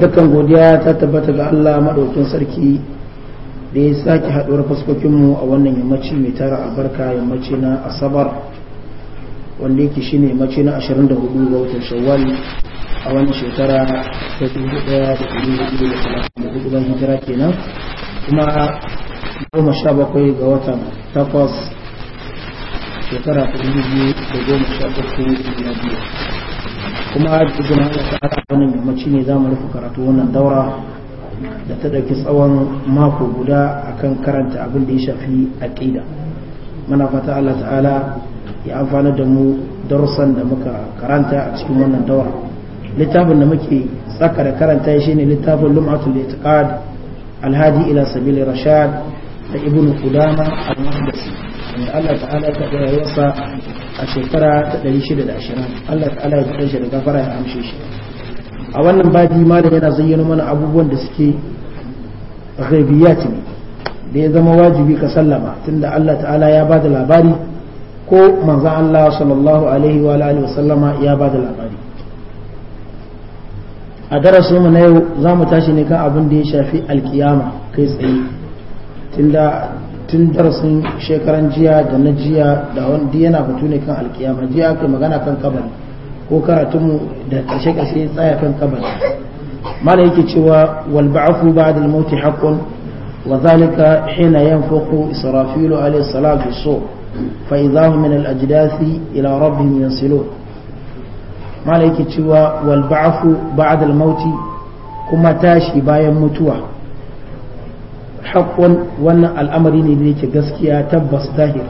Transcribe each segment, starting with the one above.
dukkan godiya ta tabbata ga Allah maɗaukin sarki da ya sake haɗuwar fuskokinmu a wannan yammaci mai tara albarka yammaci na asabar wanda yake shine yammaci na 24 ga watan shawwal a wannan shekara ta 1434 bayan hijira kenan kuma goma sha bakwai ga watan takwas shekara ta 2013 biyu. kuma da izinin ta haka wannan ne za mu rufe karatu wannan daura da ta ɗauki tsawon mako guda akan karanta abin da ya shafi aƙida muna fata Allah ta'ala ya amfana da mu darussan da muka karanta a cikin wannan daura littafin da muke tsaka da karanta shi ne littafin lum'atul itiqad alhadi ila sabil rashad da ibnu qudama al-maqdisi Allah ta'ala ta yasa a shekara ta 620 Allah ta'ala ya kuɗe shi da gafara ya amshe shi a wannan babi ma da yana zayyana mana abubuwan da suke ghaibiyat ne da ya zama wajibi ka sallama tunda Allah ta'ala ya bada labari ko manzo Allah sallallahu alaihi wa alihi wasallama ya bada labari a darasin mu na yau za mu tashi ne kan abin da ya shafi alkiyama kai tsaye tunda tun darasin shekaran jiya da na jiya da wanda yana fito ne kan alkiyama jiya aka magana kan kabari ko karatunmu da karshe karshe tsaya kan kabari mana yake cewa wal ba'fu ba'da al mauti haqqun wa zalika hina yanfuqu israfilu alayhi salatu bisu fa min al ajdasi ila rabbihim yansilun mana yake cewa wal ba'fu ba'da al mauti kuma tashi bayan mutuwa haqqun wannan al'amari ne da yake gaskiya tabbas zahir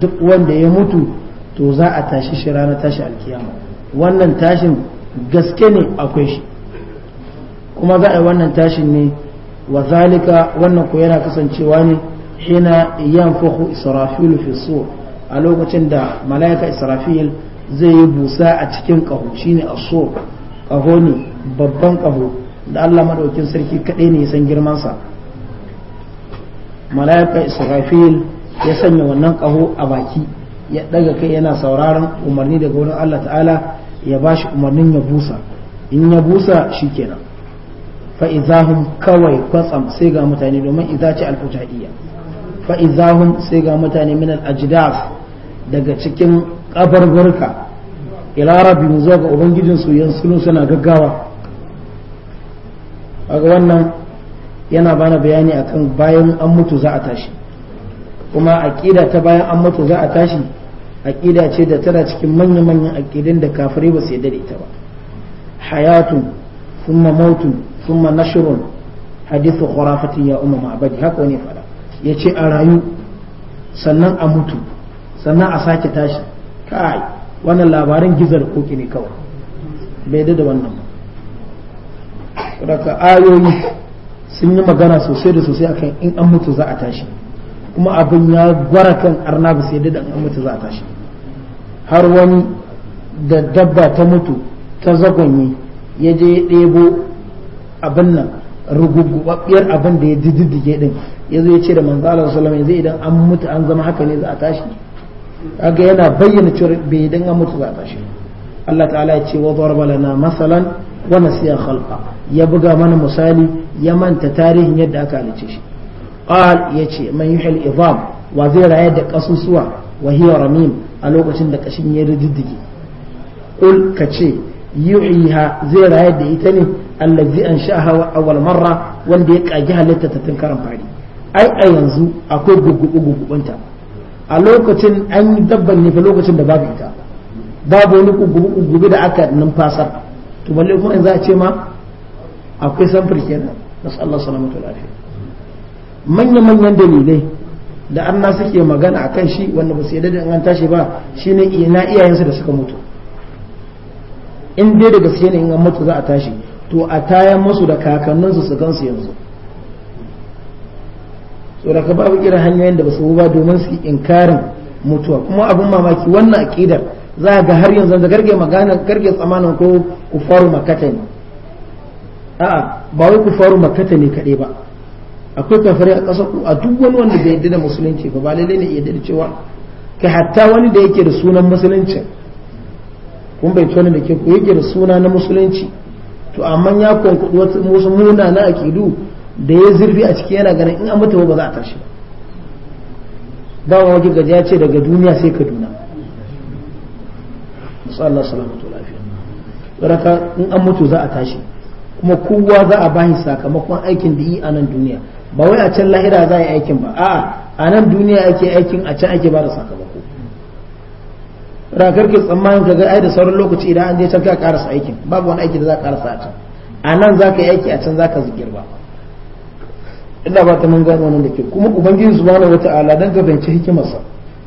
duk wanda ya mutu to za a tashi shi ranar tashi alkiyama wannan tashin gaske ne akwai shi kuma za a yi wannan tashin ne wa zalika wannan ko yana kasancewa ne hina yanfahu israfil fi sur a lokacin da malaika israfil zai yi busa a cikin kaho shine asur kaho ne babban kaho da Allah madaukin sarki kaɗai ne ya san girman mala'ika israfil ya sanya wannan kaho a baki ya daga kai yana sauraron umarni daga wurin Allah ta'ala ya ba shi umarnin ya busa in ya busa shi kenan fa izahum kawai kwatsam sai ga mutane domin idza ce alfutadiya fa izahum sai ga mutane min al daga cikin kabarburka ila rabbi zuwa ga ubangijin su yan suna gaggawa aga wannan yana bana bayani akan bayan an mutu za a tashi kuma aƙida ta bayan an mutu za a tashi aƙida ce da tana cikin manya-manyan aƙidin da kafirai ba su yarda da ita ba hayatun thumma mautun thumma nashrun hadithu khurafatin ya umma ma'badi haka wani fada yace a rayu sannan a mutu sannan a sake tashi kai wannan labarin gizar koki ne kawai bai da wannan ba ayoyi sun yi magana sosai da sosai akan in an mutu za a tashi kuma abin ya gwara kan arna ba sai da an mutu za a tashi har wani da dabba ta mutu ta zagonye ya je ya ɗebo abin nan rugugubabbiyar abin da ya diddige din ya zo ya ce da manzo Allah sallallahu alaihi idan an mutu an zama haka ne za a tashi kaga yana bayyana cewa bai idan an mutu za a tashi Allah ta'ala ya ce wa darba lana masalan wa nasiya khalqa ya buga mana misali ya manta tarihin yadda aka halice shi qal yace man yuhil idham wa zai rayar da kasusuwa wa hiya ramim a lokacin da kashin ya rididdige qul kace yuhiha zai rayar da ita ne allazi ansha'aha awwal marra wanda ya kage halitta ta tun fari ai a yanzu akwai gugubu gugubunta a lokacin an yi dabban ne fa lokacin da babu ita babu wani kugubi da aka numfasar to balle kuma in za a ce ma akwai samfur kenan nasu Allah salamatu lafiya manya-manyan dalilai da an na suke magana a kan shi wanda ba su yadda da an tashi ba shi ne ina iyayensa da suka mutu in dai da gaske ne in an mutu za a tashi to a tayan musu da kakanninsu su su yanzu ka babu irin hanyoyin da ba su ba domin su inkarin mutuwa kuma abin mamaki wannan aƙidar za ga har yanzu da garge magana garge tsamanin ko kufaru makata ne a'a ba wai kufaru makata ne kaɗai ba akwai kafare a ƙasar a duk wani wanda bai yarda da musulunci ba ba lalle ne ya da cewa kai hatta wani da yake da sunan musulunci kun bai tona da ke ko yake da suna na musulunci to amma ya kunkudu wasu muna na akidu da ya zurfi a ciki yana ganin in an mutu ba za a tashi ba ba wajen gaji ce daga duniya sai kaduna Allah salamatu lafiya raka in an mutu za a tashi kuma kowa za a bashi sakamakon aikin da yi a nan duniya ba wai a can lahira za a yi aikin ba a'a a nan duniya ake aikin a can ake ba da sakamako rakar ke tsammanin ka ga ai da sauran lokaci idan an je can ka karasa aikin babu wani aiki da za a karasa a can a nan za ka yi aiki a can za ka zikir ba ina ba ta mun gano wannan da ke kuma ubangiji subhanahu wata'ala dan ka bance hikimarsa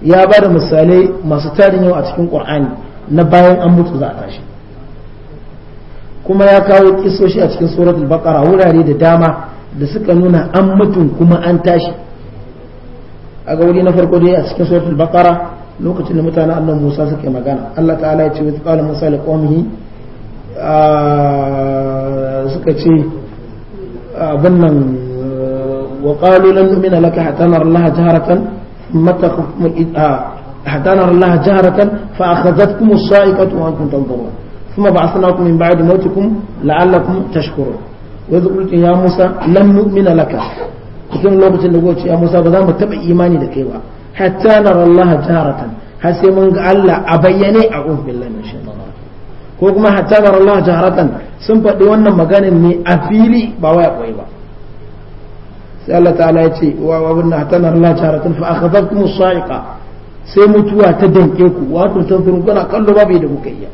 ya ba da misalai masu tarin yau a cikin qur'ani na bayan an mutu za a tashi kuma ya kawo kisoshi a cikin suratul baqara wurare da dama da suka nuna an mutu kuma an tashi a ga wuri na farko dai a cikin suratul baqara lokacin da mutanen Allah Musa suke magana Allah ta'ala ya ce wa qala Musa suka ce abin nan wa qalu lan nu'mina laka hatta nara Allah jaharatan mata حتى نرى الله جهرة فأخذتكم الصائقة وأنتم تنظرون ثم بعثناكم من بعد موتكم لعلكم تشكرون وإذ قلت يا موسى لن نؤمن لك cikin lokacin da goce ya Musa ba za mu taɓa imani da kai ba hatta nara Allah sai mun ga Allah a bayyane a uf billahi ko kuma hatta nara Allah sun faɗi wannan maganin ne a fili ba waya koyi ba sai Allah ta'ala ya ce wa wa bunna hatta Allah fa sa'iqa sai mutuwa ta danke ku wato ta zuru gana kallo babu yadda kuka iya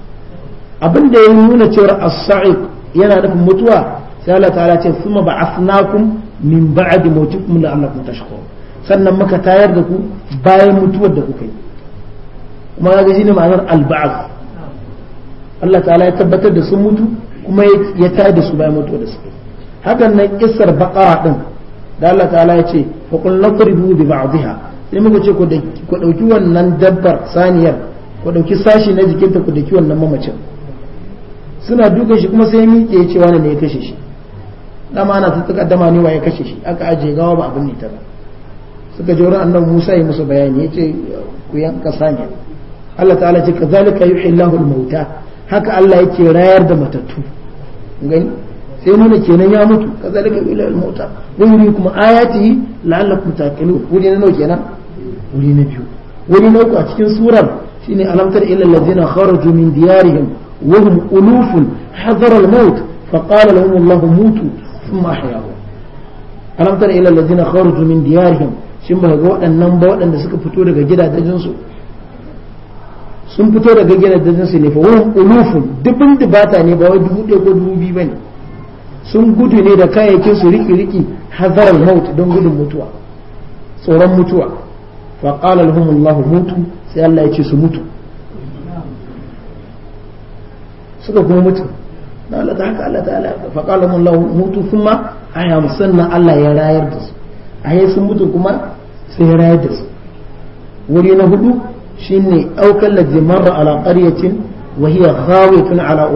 abin da ya nuna cewar as-sa'iq yana nufin mutuwa sai Allah ta'ala ce summa ba'athnakum min ba'di mawtikum la'allakum tashkur sannan muka tayar da ku bayan mutuwar da kuka yi kuma ga ne ma'anar al-ba'ath Allah ta'ala ya tabbatar da sun mutu kuma ya tayar da su bayan mutuwar da suka yi hakan nan kissar baqara din da Allah ta'ala ya ce fa qul nadribu bi ba'dihha sai muka ce ku ɗauki wannan dabbar saniyar ku ɗauki sashi na jikinta ku ɗauki wannan mamacin suna dukan shi kuma sai ya miƙe ya ce wani ne ya kashe shi dama ana ta dama ne wa ya kashe shi aka ajiye gawa ba abin ta ba suka ji wurin annabi Musa ya musu bayani ya ce ku yanka saniyar Allah ta'ala ce kazalika yuhyi Allahu al-mauta haka Allah yake rayar da matattu gani sai nuna kenan ya mutu kazalika yuhyi Allahu mauta wa kuma ayati la'allakum taqilun wuri ne kenan wuri na biyu wuri na uku a cikin surar shine alam tara ladina allazina kharaju min diyarihim wa hum ulufun hadara al-maut fa qala lahum allah mutu thumma ahyahum alam tara ila allazina kharaju min diyarihim shin ba ga waɗannan ba waɗanda suka fito daga gidajen su sun fito daga gidajen su ne fa wurin ulufun dubin dubata ne ba wai dubu ɗaya ko dubu biyu bane sun gudu ne da kayayyakin su riki riki hazar maut don gudun mutuwa tsoron mutuwa fa qala lahum Allah mutu sai Allah ya ce su mutu suka kuma mutu fa qala lahum Allah mutu kuma aya musanna Allah ya rayar da su ayi sun mutu kuma sai ya su wuri na hudu shine aukal ladzi marra ala qaryatin wa hiya ghawiyatun ala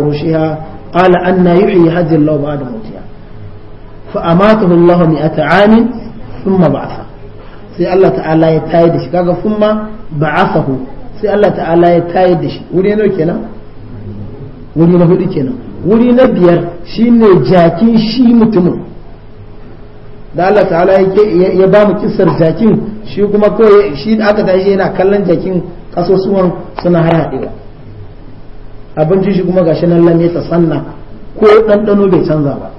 fa sai Allah ta'ala ya tayar da shi kaga kuma ba'asahu sai Allah ta'ala ya tayar da shi wuri ne kenan wuri na hudu kenan wuri na biyar shine jakin shi mutumin da Allah ta'ala ya ba mu kisar jakin shi kuma ko shi da aka tashi yana kallon jakin kasosuwan suna harhaɗewa abincin shi kuma gashi nan lamme ta sanna ko ɗanɗano bai canza ba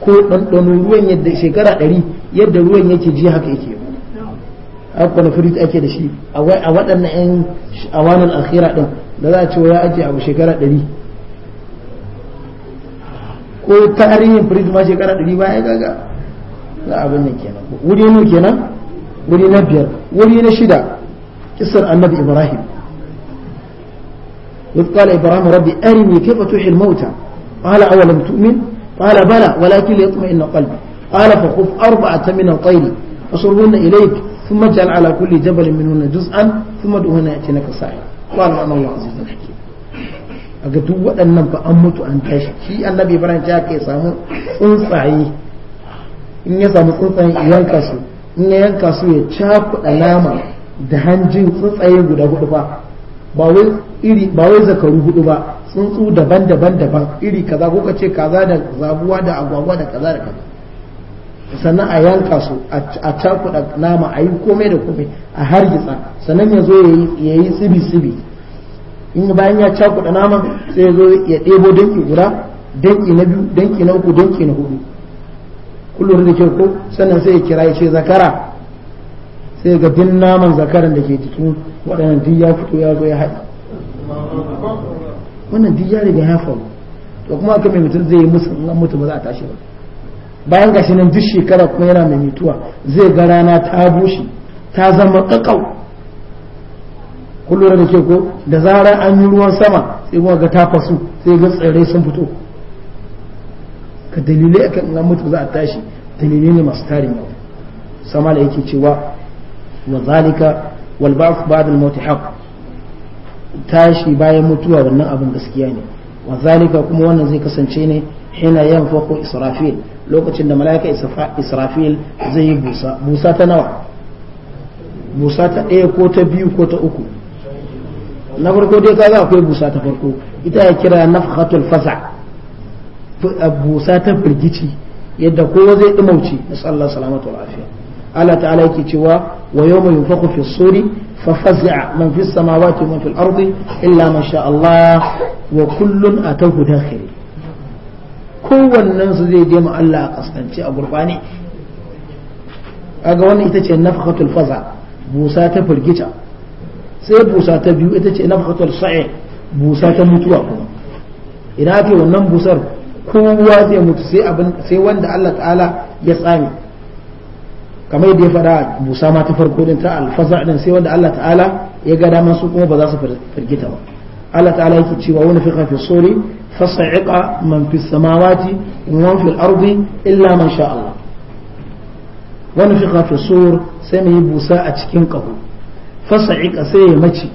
ko ɗanɗano ruwan yadda shekara ɗari yadda ruwan yake ji haka yake akwai na firit ake da shi a waɗannan 'yan awanin akhira ɗin da za a ce ya ake abu shekara ɗari ko tarihin firit ma shekara ɗari ba ya gaga za a bayan kenan wuri ne kenan wuri na biyar wuri na shida kisar annabi ibrahim ibrahim إذ قال إبراهيم ربي أرني كيف تحيي الموتى ba la bala walakin بلى ولكن ليطمئن قلبي قال فخذ أربعة من الطير فصرهن إليك ثم اجعل على كل جبل منهن جزءا ثم دعهن يأتينك سائر قال أنا الله عزيز الحكيم أقول duk waɗannan ba an mutu an tashi shi annabi ibrahim ya ke samu tsuntsaye in ينكسو samu tsuntsaye yanka su in ya yanka أبو ya cakuɗa iri bawai zakaru hudu ba sun su daban-daban daban iri kaza ko ka ce kaza da zabuwa da agwagwa da kaza da kaza sannan a yanka su a cakuɗa nama a yi komai da komai a hargitsa sannan ya zo ya yi tsibi-tsibi in bayan ya cakuɗa nama sai ya zo ya ɗebo danki guda danki na biyu danki na uku danki na hudu kullum da ke ko sannan sai ya kira ya ce zakara sai ga din naman zakaran da ke jikin waɗannan duk ya fito ya zo ya haɗi wannan duk ya riga ya faru to kuma aka mai mutum zai yi musu in an mutu ba za a tashi ba bayan gashi nan duk shekara kuma yana mai mituwa zai ga rana ta bushe ta zama kakau kullum da ke ko da zarar an yi ruwan sama sai kuma ga ta fasu sai ga tsirrai sun fito ka dalilai akan an mutu za a tashi dalilai ne masu tarin yau sama da yake cewa wa zalika wal ba'th ba'da maut haqq tashi bayan mutuwa wannan abin gaskiya ne wa zalika kuma wannan zai kasance ne hina yanfaqu israfil lokacin da mala'ika israfil zai yi busa busa ta nawa busa ta ɗaya ko ta biyu ko ta uku na farko dai kaga akwai busa ta farko ita ya kira nafhatul fasa busa ta firgici yadda kowa zai dumauci nasallahu salamatu wa lafiya. Allah ta'ala yake cewa wa yawma yunfakhu fi suri fa fazi'a man samawati wa man fil ardi illa ma sha Allah wa kullun a atahu dakhil kowannen su zai je ma Allah a kaskance a gurbani kaga wannan ita ce nafhatul faza busa ta firgita sai busa ta biyu ita ce nafhatul sa'i busa ta mutuwa kuma idan ake wannan busar kowa zai mutu sai wanda Allah ta'ala ya tsami kamar yadda ya faɗa busa ma ta farko din ta alfaza din sai wanda Allah ta'ala ya ga daman su kuma ba za su firgita ba Allah ta'ala yake cewa wani fiqa fi sori فصعق من في السماوات ومن في الأرض إلا ما شاء الله ونفخ في الصور سمي بوساء أتكين قبو فصعق سي متي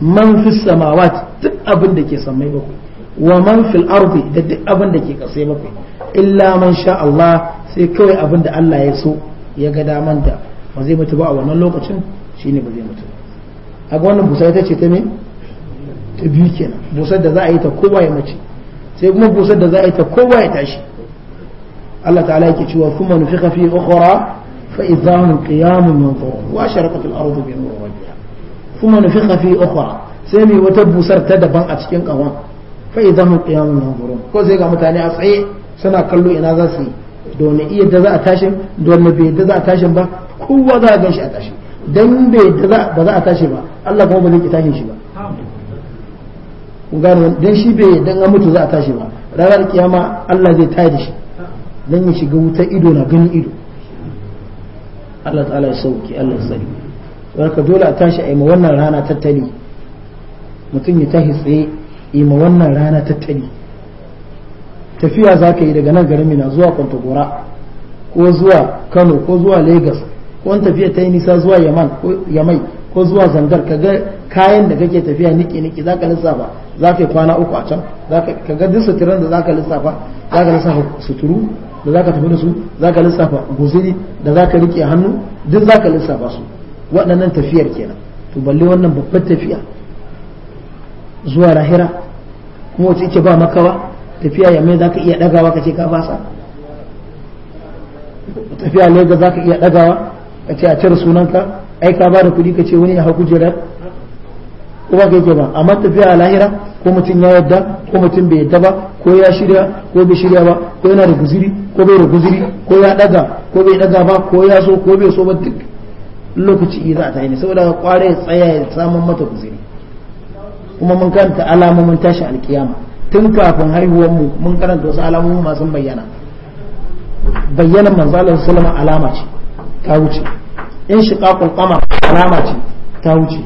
من في السماوات تأبن دكي سمي بكو ومن في الأرض تأبن دكي قصي بكو إلا من شاء الله سي كوي أبن دا الله يسو يقدا من دا وزي متبع ونلوك شيني بزي متبع أقوانا بوساء تأتي تمين ta biyu kenan busar da za a yi ta kowa ya mace sai kuma busar da za a yi ta kowa ya tashi Allah ta'ala yake cewa kuma nufiqa fi ukhra fa idhahum qiyamun yanzurun wa sharaqat al-ardu bi nuri rabbiha kuma nufiqa fi ukhra sai mai wata busar ta daban a cikin kawan fa idhahum qiyamun yanzurun ko sai ga mutane a tsaye suna kallo ina za su yi don wani iya da za a tashin don wani bai da za a tashin ba kowa za a ganshi a tashi dan bai da ba za a tashi ba Allah kuma ba zai ki tashin shi ba ku gano dan shi bai dan an mutu za a tashi ba ranar kiyama Allah zai tayar da shi dan ya shiga wuta ido na gani ido Allah ta'ala ya sauki Allah sani warka dole a tashi a yi ma wannan rana tattali mutum ya tashi tsaye yi ma wannan rana tattali tafiya za ka yi daga nan garin mina zuwa kwantagora ko zuwa kano ko zuwa lagos ko tafiya ta yi nisa zuwa yamai ko zuwa zangar ka ga kayan da kake tafiya niki niki za ka lissafa za ka yi kwana uku a can ka ga duk suturan da za ka lissafa za ka lissafa suturu da za ka tafi da su za ka lissafa guziri da za ka rike hannu duk za ka lissafa su waɗannan tafiyar kenan to balle wannan babbar tafiya zuwa rahira kuma wacce ike ba makawa tafiya yamme za ka iya ɗagawa ka ce ka fasa tafiya lega za ka iya ɗagawa ka ce a cire sunanka ai ka ba da kuɗi ka ce wani ya hau kujerar ko ba ka yake ba amma tafiya a lahira ko mutum ya yadda ko mutum bai yadda ba ko ya shirya ko bai shirya ba ko yana da guziri ko bai da guziri ko ya daga ko bai daga ba ko ya so ko bai so ba duk lokaci za a tafi ne saboda kware tsaya ya samun mata guziri kuma mun karanta alamomin tashi alkiyama tun kafin haihuwar mu mun karanta wasu alamomin masu bayyana bayyanan manzalar sallama alama ce ta wuce in shiqaqul qamar alama ce ta wuce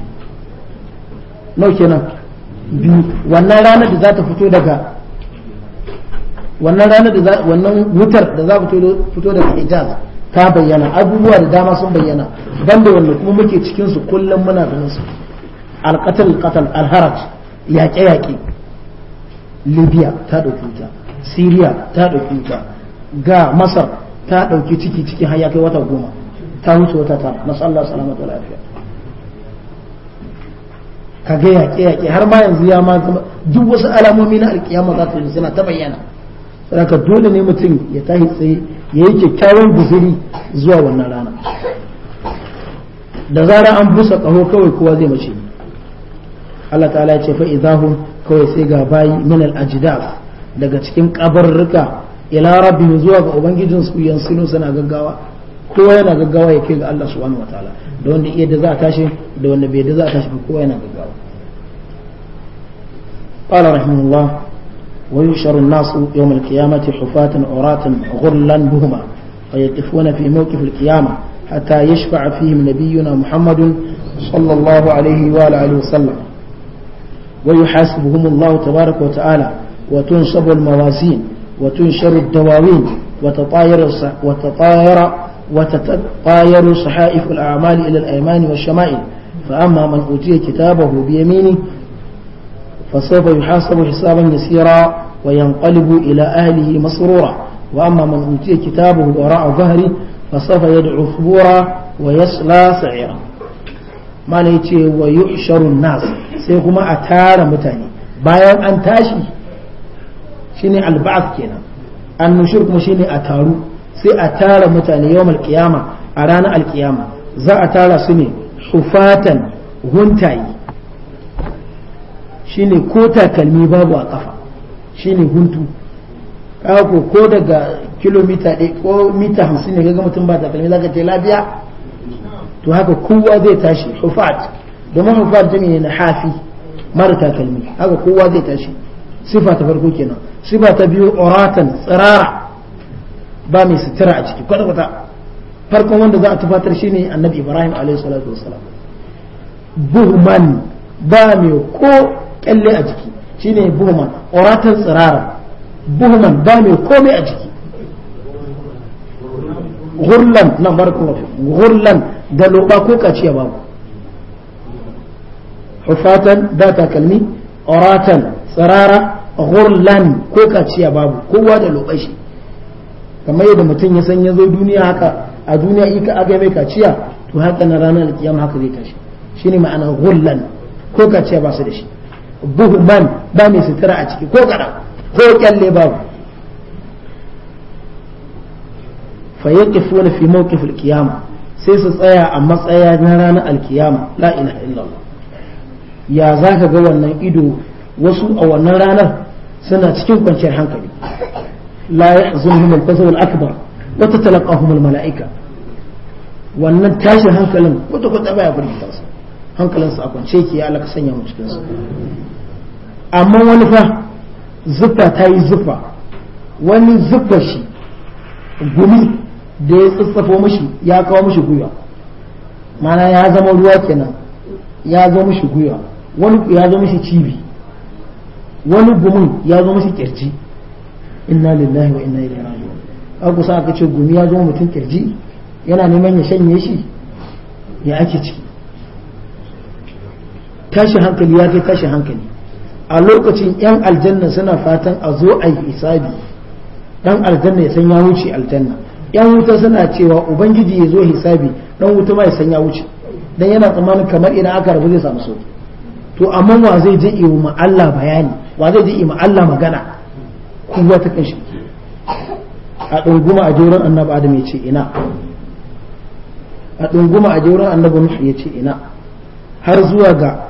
nau kenan biyu wannan ranar da za ta fito daga wannan ranar da wannan wutar da za fito daga hijaz ta bayyana abubuwa da dama sun bayyana da wanda kuma muke cikin su kullum muna ganin su alqatal qatal alharaj yaƙe yaƙe libya ta ɗauki wuta syria ta ɗauki wuta ga masar ta ɗauki ciki ciki har ya kai wata goma ta wuce wata ta masallah salama da lafiya ka ga yaƙe yaƙe har ma yanzu ya ma duk wasu alamomi na alƙiyama za su yi suna ta bayyana saboda dole ne mutum ya tahi tsaye ya yi kyakkyawan guzuri zuwa wannan rana da zara an busa ƙaho kawai kowa zai mace Allah ta'ala ya ce fa idahum kawai sai ga bayi min al daga cikin kabarruka ila rabbi zuwa ga su yansu suna gaggawa kowa yana gaggawa ya kai ga Allah subhanahu ta'ala da wanda iya da za a tashi da wanda bai da za a tashi kowa yana gaggawa قال رحمه الله ويشر الناس يوم القيامة حفاة عراة غرلا بهما فيقفون في موقف القيامة حتى يشفع فيهم نبينا محمد صلى الله عليه وآله وسلم ويحاسبهم الله تبارك وتعالى وتنصب الموازين وتنشر الدواوين وتطاير وتطاير وتتطاير صحائف الأعمال إلى الأيمان والشمائل فأما من أوتي كتابه بيمينه فسوف يحاسب حسابا يسيرا وينقلب إلى أهله مسرورا وأما من أوتي كتابه وراء ظهره فسوف يدعو ثبورا ويصلى سعيرا ما ليتي ويؤشر الناس سيكما أتار متاني بايان أنتاشي شيني البعث كينا أن نشرك مشيني أتارو sai a tara mutane yau alkiyama a ranar alkiyama za a tara su ne hufatan huntayi shine ko takalmi babu a kafa shine huntu ko daga kilomita ɗaya ko mita hamsin ne gaga mutum ba takalmi ka ce lafiya to haka kowa zai tashi hufat domin hufat jami ne na hafi mara takalmi haka kowa zai tashi sifa ta farko kenan sifa ta biyu oratan tsirara ba mai sutura a ciki kwata-kwata farkon wanda za a tufatar shi ne annabi ibrahim alaihi salatu buhman ba mai ko kyalle a jiki shine buhman oratan tsirara buhman ba mai komai a jiki gurlan nan barko gurlan da loba ko kaci ya babu hufatan da takalmi oratan tsirara hurlan ko kaci ya babu kowa da loba shi kamar yadda mutum ya san ya zo duniya haka a duniya ika aga mai kaciya to haka na ranar alkiyama haka zai tashi shine ma'ana gullan ko kaciya ba su da shi buhman ba mai sutura a ciki ko kara ko kyalle babu fa yaqifuna fi mawqif alqiyama sai su tsaya a matsaya na ranar alkiyama la ilaha illallah ya za ka ga wannan ido wasu a wannan ranar suna cikin kwanciyar hankali la yahzunhum al-fazaw al-akbar wa tatalaqahum al-mala'ika wannan tashin hankalin kwata kwata baya burgita su hankalin su a kwance ya alaka sanya mu cikin su amma wani fa zufa ta yi zufa wani zufa shi gumi da ya tsatsafo mashi ya kawo mashi gwiwa mana ya zama ruwa kenan ya zo mashi gwiwa wani ya zo mashi cibi wani gumin ya zo mashi kirji inna lillahi wa inna ilaihi raji'un an kusa aka ce gumi ya zama mutum kirji yana neman ya shanye shi ya ake ci? Tashi hankali ya kai tashi hankali a lokacin yan aljanna suna fatan a zo a yi hisabi dan aljanna ya san ya wuce aljanna yan wuta suna cewa ubangiji ya zo hisabi dan wuta ma ya san ya wuce dan yana tsammanin kamar idan aka rabu zai samu so to amma wa zai je yi ma Allah bayani wa zai je yi ma Allah magana kowa ta kanshi a ɗunguma a jerin annabi adam ya ce ina a ɗunguma a jerin annabi nuhu ya ce ina har zuwa ga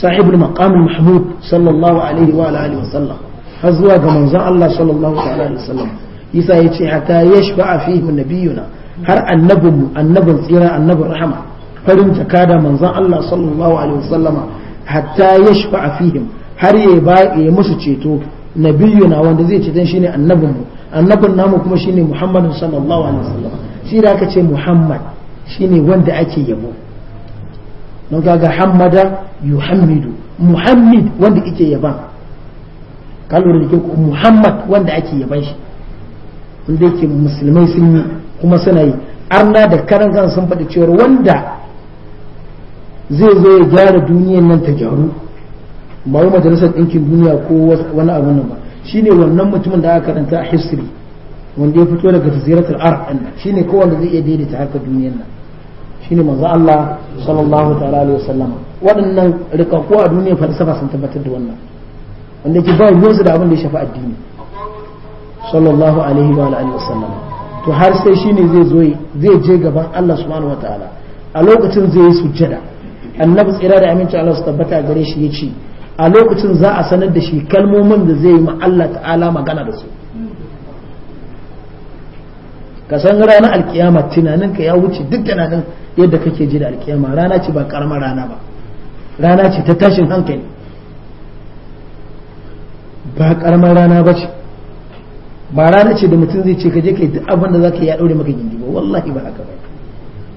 sahibul maqam mahmud sallallahu alaihi wa alihi wa sallam har zuwa ga manzon Allah sallallahu alaihi wa sallam isa ya ce hatta yashba fihi nabiyuna har annabin annabin tsira annabin rahama farin jakada manzon Allah sallallahu alaihi wa sallama hatta yashba fihim har ya musu ceto nabiyuna wanda zai ce dan shine annabinmu annabin namu kuma shine muhammadu sallallahu alaihi wasallam shi da aka ce muhammad shine wanda ake yabo don kaga hammada yuhammidu muhammad wanda ake yaban ka lura ke ku muhammad wanda ake yaban shi wanda yake musulmai sun yi kuma suna yi arna da karan kan sun faɗi cewar wanda zai zo ya gyara duniyar nan ta gyaru ba wai majalisar ɗinkin duniya ko wani abu nan ba shine wannan mutumin da aka karanta a history wanda ya fito daga jaziratul arab din shine ko wanda zai iya daidaita haka duniyar nan shine manzo Allah sallallahu ta'ala alaihi wasallama waɗannan rikakku a duniyar falsafa sun tabbatar da wannan wanda yake ba ruwansu da abin da ya shafi addini sallallahu alaihi wa alihi wasallama to har sai shine zai zo zai je gaban Allah subhanahu wa ta'ala a lokacin zai yi sujjada annabi tsira da aminci Allah su tabbata gare shi yace a lokacin za a sanar da shi kalmomin da zai yi ma Allah ta'ala magana da su ka san ranar alkiyama tunaninka ya wuce duk tunanin yadda kake ji da alkiyama rana ce ba karamar rana ba rana ce ta tashin hankali ba karamar rana ba ce ba rana ce da mutum zai ce ka je ka yi duk abin da za ka yi ya ɗaure maka gindi ba wallahi ba haka ba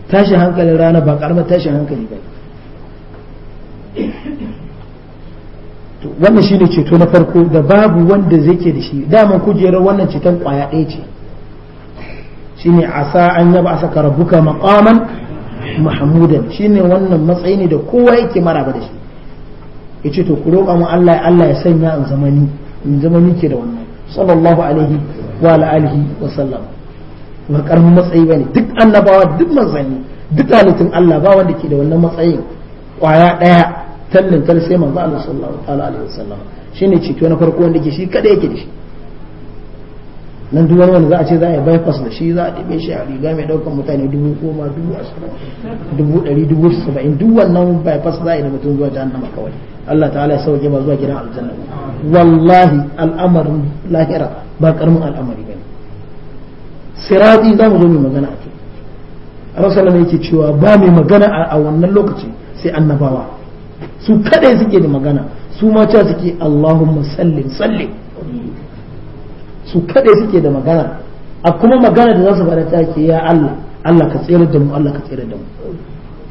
tashin hankalin rana ba karamar tashin hankali ba wannan shi ne ceto na farko da babu wanda zai ke da shi daman kujerar wannan cetan kwaya ɗaya ce shi asa an yaba asa ka rabuka maƙaman Mahmudan. shi ne wannan matsayi ne da kowa yake maraba da shi ya ce to ku roƙa mu Allah Allah ya sanya in zama ni in zama ni ke da wannan sallallahu alaihi wa alihi wa sallam ba karamin matsayi bane duk annabawa duk manzanni duk halittun Allah ba wanda ke da wannan matsayin kwaya ɗaya tallin tal sai manzo Allah sallallahu alaihi wasallam shine ceto na farko wanda ke shi kada yake da shi nan duk wani wanda za a ce za a yi bypass da shi za a ɗibe shi a riga mai ɗaukar mutane dubu goma dubu ashirin dubu ɗari dubu saba'in duk wannan bypass za a yi da mutum zuwa jahannama kawai Allah ta'ala ya sauke ba zuwa gidan aljanna wallahi al'amarin lahira ba karamin al'amari ba ne sirati za mu zo mai magana a kai rasulullah yake cewa ba mai magana a wannan lokaci sai annabawa su kadai suke da magana su ma mata suke Allahumma sallin sallin su kadai suke da magana a kuma magana da za su faɗa ta ke ya Allah Allah ka tsere da mu Allah ka tsere da mu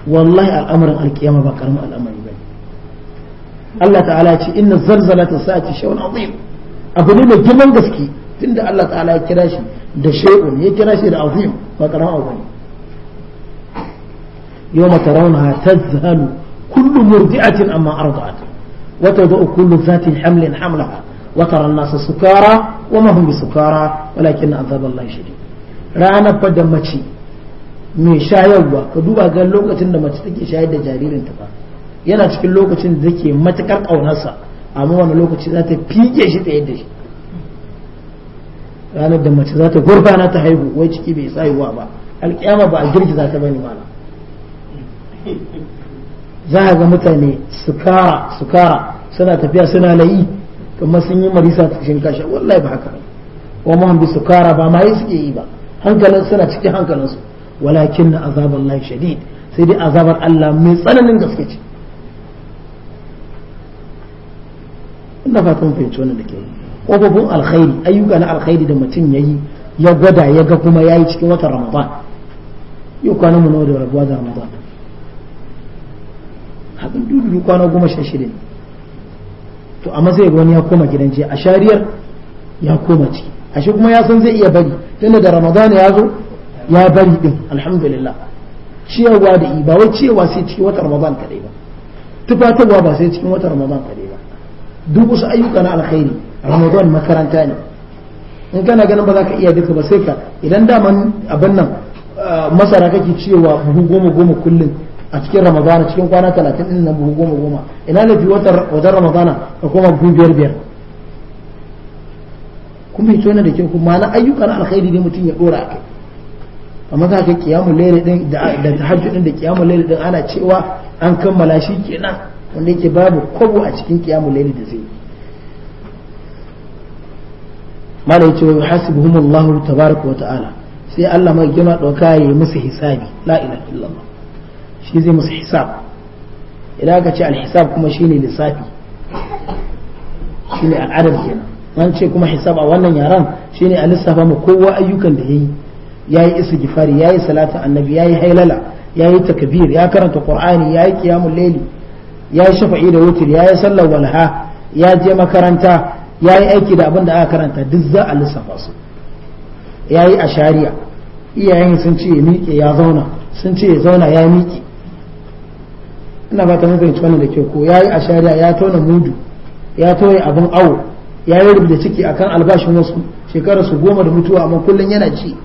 wallahi al'amarin alkiyama ba karamin al'amari ba Allah ta'ala ya ce inna zarzalata sa'ati shay'un azim abu ne mai girman gaske tunda Allah ta'ala ya kira shi da shay'un ya kira shi da azim ba karamin abu ne yawma tarawnaha tazhalu كل a أما أرضعت وتضع كل ذات حمل حملها وترى الناس سكارى sukara هم بسكارى ولكن عذاب الله شديد رانا فدا ماشي mai shayarwa ka duba ga lokacin da mace take shayar da ta ba yana cikin lokacin da take matakar ƙaunarsa amma wani lokaci za ta fike shi ta yadda shi ranar da mace za ta gurfana ta haihu wai ciki bai tsayuwa ba alƙiyama ba a girki girgiza ta bane mana za a ga mutane sukara sukara suna tafiya suna layi kamar sun yi marisa ta cikin kashe wallahi ba haka wa mu bi sukara ba ma suke yi ba hankalin suna cikin hankalin su walakin na azabar Allah shadid sai dai azabar Allah mai tsananin gaske ce ina fatan fahimci wannan da ke ƙofofin alkhairi ayyuka na alkhairi da mutum ya yi ya gwada ya ga kuma ya yi cikin watan ramadan yau kwanan mu nawa da rabuwa da ramadan abin dudu kwana goma sha shida ne to amma sai wani ya koma gidan jiya a shariyar ya koma ciki ashe kuma ya san zai iya bari tunda da ramadan ya zo ya bari din alhamdulillah ciyarwa da ba wai ciyarwa sai cikin watan ramadan kadai ba tufatarwa ba sai cikin watan ramadan kadai ba duk wasu ayyuka na alkhairi ramadan makaranta ne in kana ganin ba za ka iya duka ba sai ka idan daman abin nan ah, masara kake cewa buhu goma goma kullum a cikin ramadana cikin kwana talatin ɗin nan buhu goma goma ina laifi wajen ramadana ka koma buhu biyar biyar kuma ito yana da kyau kuma na ayyukan alkhairi ne mutum ya ɗora a kai amma za ka kiyamu laili din da tahajjud ɗin da kiyamu laili din ana cewa an kammala shi kenan wanda yake babu kwabo a cikin kiyamu laili da zai mala yace wa hasibuhum Allah tabaaraka wa ta'ala sai Allah mai gina doka yayi musu hisabi la ilaha illallah shi zai musu hisab idan aka ce alhisab kuma shine lissafi shine al'adab kenan an ce kuma hisab a wannan yaran shine a lissafa ma kowa ayyukan da yayi yayi istighfari yayi salatu annabi yayi hailala yayi takbir ya karanta qur'ani yayi qiyamul layli yayi shafa'i da wutur yayi sallar walha ya je makaranta yayi aiki da abin da aka karanta duk za a lissafa su yayi ashariya iyayen sun ce ya miƙe ya zauna sun ce ya zauna ya miƙe ina ba ta mun fahimci wannan da ke ko yayi a shari'a ya tona mudu ya toye abin awo ya yi rubuta ciki akan albashin wasu shekarar su goma da mutuwa amma kullum yana ci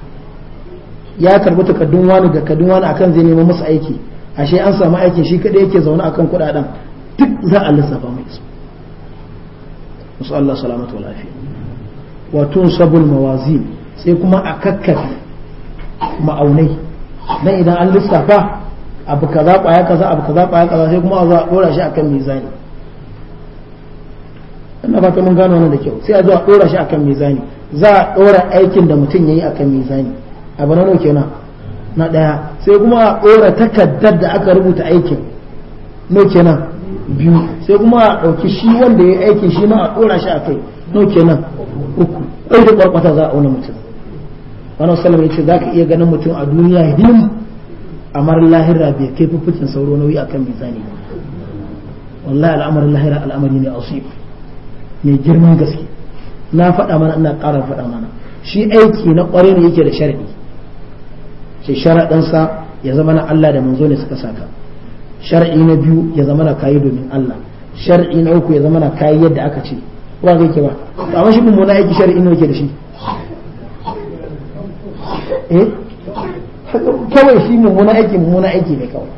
ya karbi takardun wani da kadun wani akan zai nema masa aiki ashe an samu aikin shi kadai yake zaune akan kuɗaɗen duk za a lissafa mai su musu Allah salamatu wa lafiya wa sabul mawazin sai kuma a kakkafi ma'aunai dan idan an lissafa abu kaza ƙwaya kaza abu kaza ƙwaya kaza sai kuma a zo a shi shi akan mizani ina fata mun gano wannan da kyau sai a zo a dora shi akan mizani za a ɗora aikin da mutum ya a akan mizani abu na kenan na na ɗaya sai kuma a ɗora takardar da aka rubuta aikin no kenan biyu sai kuma a ɗauki shi wanda ya yi aikin shi ma a ɗora shi a kai no kenan uku ɗauki da za a auna mutum Wani ya sallama za ka iya ganin mutum a duniya hin amarin lahira bai kai fuffucin sauro nauyi akan bizani wallahi al'amarin lahira al'amari ne asib mai girman gaske na faɗa mana ina ƙara faɗa mana shi aiki na ƙwarai ne yake da sharadi sai sharaɗinsa ya zama na Allah da manzo ne suka saka shar'i na biyu ya zama na kayi domin Allah shar'i na uku ya zama na kayi yadda aka ce ba zai ke ba amma shi mummuna aiki shar'i ne yake da shi eh kawai shi mummuna aiki mummuna aiki ne kawai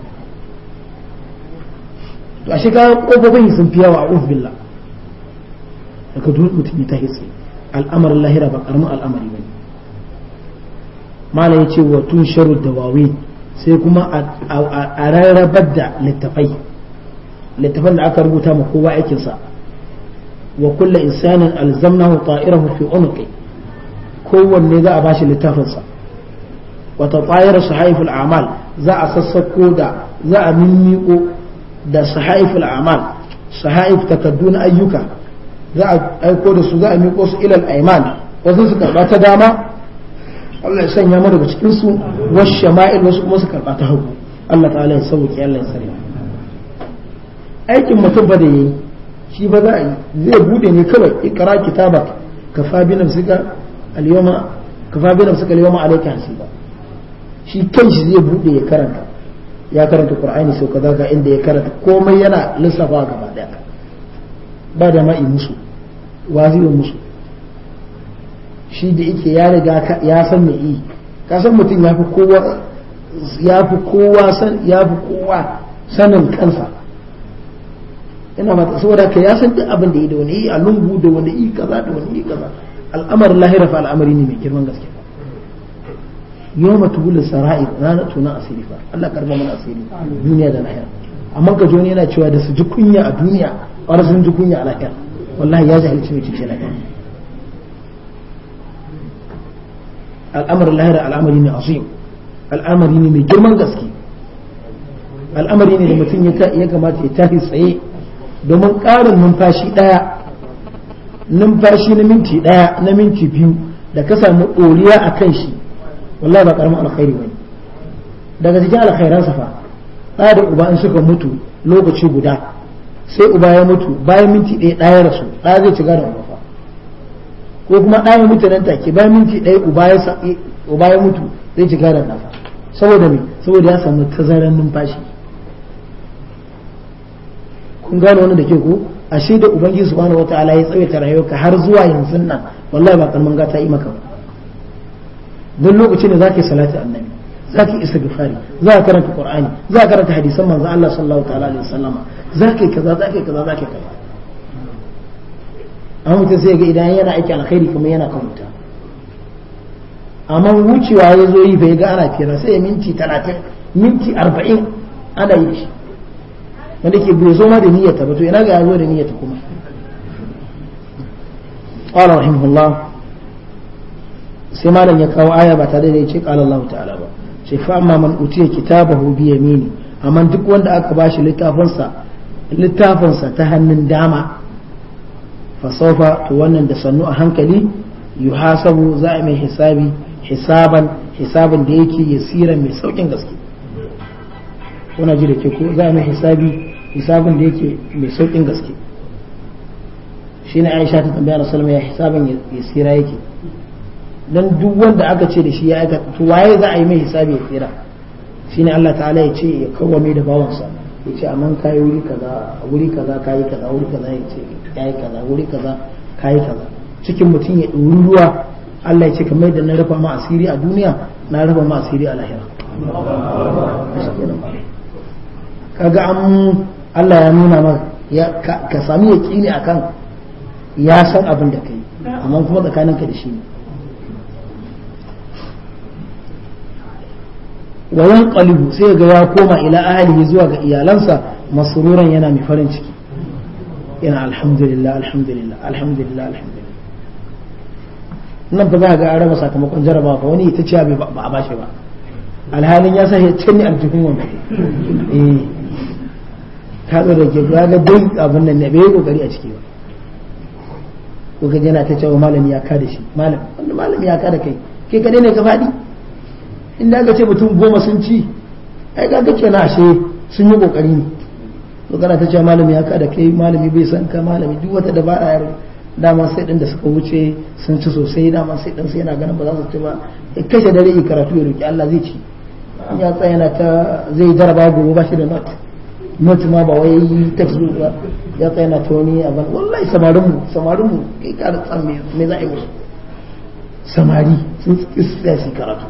to ashe ka kofofin sun fi yawa a billah daga duk mutum ta hitsi al'amarin lahira ba karamin al'amari ba ne mala ya ce wa tun sharu wawe sai kuma a rarrabar da littafai littafan da aka rubuta ma kowa aikinsa wa kulla insanin alzamnahu ta'irahu fi unuqi kowanne za a bashi littafinsa wata tsayar sahaiful amal za a sassako da za a mimiko da sahaiful amal sahaif ta na ayyuka za a aiko da su za a miko su ilal aiman wasu su karɓa ta dama Allah ya sanya mu daga cikin su wasu shama'il wasu kuma su karɓa ta hagu Allah ta'ala ya sauke Allah ya sani aikin mutum ba da yayi shi ba za a yi zai bude ne kawai ikra kitabak kafa bi nafsika al-yawma kafa bi nafsika al-yawma alayka hasiba shi shi zai bude ya karanta ya karanta qur'ani sau kaza ga inda ya karanta komai yana lissafa gaba daya ba da ma'i musu wazirin musu shi da yake ya riga ya san mai yi ka san mutum ya fi kowa ya fi kowa san ya fi kowa sanin kansa ina mata saboda ka ya san duk abin da yi da wani yi a lungu da wani yi kaza da wani yi kaza al'amarin lahira fa al'amari ne mai girman gaske yawma tubulu sara'ir ranar tunan asiri fa Allah karba mana asiri duniya da lahira amma ka joni yana cewa da su ji kunya a duniya har sun ji kunya a lahira wallahi ya jahilci mai cikin lahira al'amarin lahira al'amari ne azim al'amari ne mai girman gaske al'amari ne da mutum ya kamata ya tashi tsaye domin ƙarin numfashi ɗaya numfashi na minti ɗaya na minti biyu da ka samu ɗoriya a kan shi wallahi ba karamin alkhairi bane daga cikin alkhairan sa fa da uba in suka mutu lokaci guda sai uba ya mutu bayan minti ɗaya ɗaya rasu ɗaya zai ci gadon uba fa ko kuma ɗaya ya mutu nan take bayan minti ɗaya uba ya uba ya mutu zai ci gadon fa saboda me saboda ya samu tazaran numfashi kun gane wannan da ke ko ashe da ubangiji subhanahu wataala ya tsawaita rayuwarka har zuwa yanzu nan wallahi ba kalman gata yi maka ba don lokaci ne zaka yi salati annabi zaka yi istighfari zaka karanta qur'ani zaka karanta hadisan manzo Allah sallallahu ta'ala alaihi wasallama zaka yi kaza zaka yi kaza zaka yi kaza amma mutum sai ga idan yana aiki alkhairi kuma yana kan wuta amma wucewa ya zo yi bai ga ana kira sai minti talatin minti arba'in ana yi shi wanda ke bai zo ma da niyyata ba to ina ga ya zo da niyyata kuma قال رحمه الله sai malam ya kawo aya ba tare da ya ce kala Allah ta'ala ba ce fa amma man utiya kitabahu bi yamini amma duk wanda aka bashi littafinsa littafinsa ta hannun dama fa sawfa to wannan da sannu a hankali yuhasabu za a mai hisabi hisaban hisabin da yake yasiran mai saukin gaske kuna ji da ke ko za a mai hisabi hisabin da yake mai saukin gaske shine Aisha ta tambaya Rasulullah ya hisabin yasira yake dan duk wanda aka ce da shi ya aikata to waye za a yi mai hisabi ya tsira shine Allah ta'ala ya ce ya kawo mai da bawansa ya ce amman kayi wuri kaza wuri kaza kayi kaza wuri kaza ya ce kayi kaza wuri kaza kayi kaza cikin mutum ya ɗori ruwa Allah ya ce kamar yadda na rufa ma asiri a duniya na rufa ma asiri a lahira kaga an Allah ya nuna ma ya ka sami yaqini akan ya san abin da kai amma kuma tsakaninka da shi ne wa yanqalibu sai ga ya koma ila ahlihi zuwa ga iyalansa masruran yana mai farin ciki yana alhamdulillah alhamdulillah alhamdulillah alhamdulillah nan fa za ga araba raba sakamakon jaraba ba wani ita ciya ba a bashi ba alhalin ya sahi cikin ni aljihun wanda eh ka zo da ke ga dai abin nan ne bai kokari a ciki ba ko ga yana ta cewa malami ya ka da shi malam wanda malami ya ka da kai kai kadai ne ka faɗi inda aka ce mutum goma sun ci ai ga ga na ashe sun yi kokari ne to kana ta ce malami haka da kai malami bai san ka malami duk wata dabara ya dama sai din da suka wuce sun ci sosai dama sai din sai yana ganin ba za su ci ba ya kashe dare yi karatu ya roki Allah zai ci ya tsaya yana ta zai jaraba gobe ba shi da not not ma ba wai textbook ba ya tsaya yana ta wani abin wallahi samarin mu samarin mu kai ka tsan me za a yi samari sun tsaya su karatu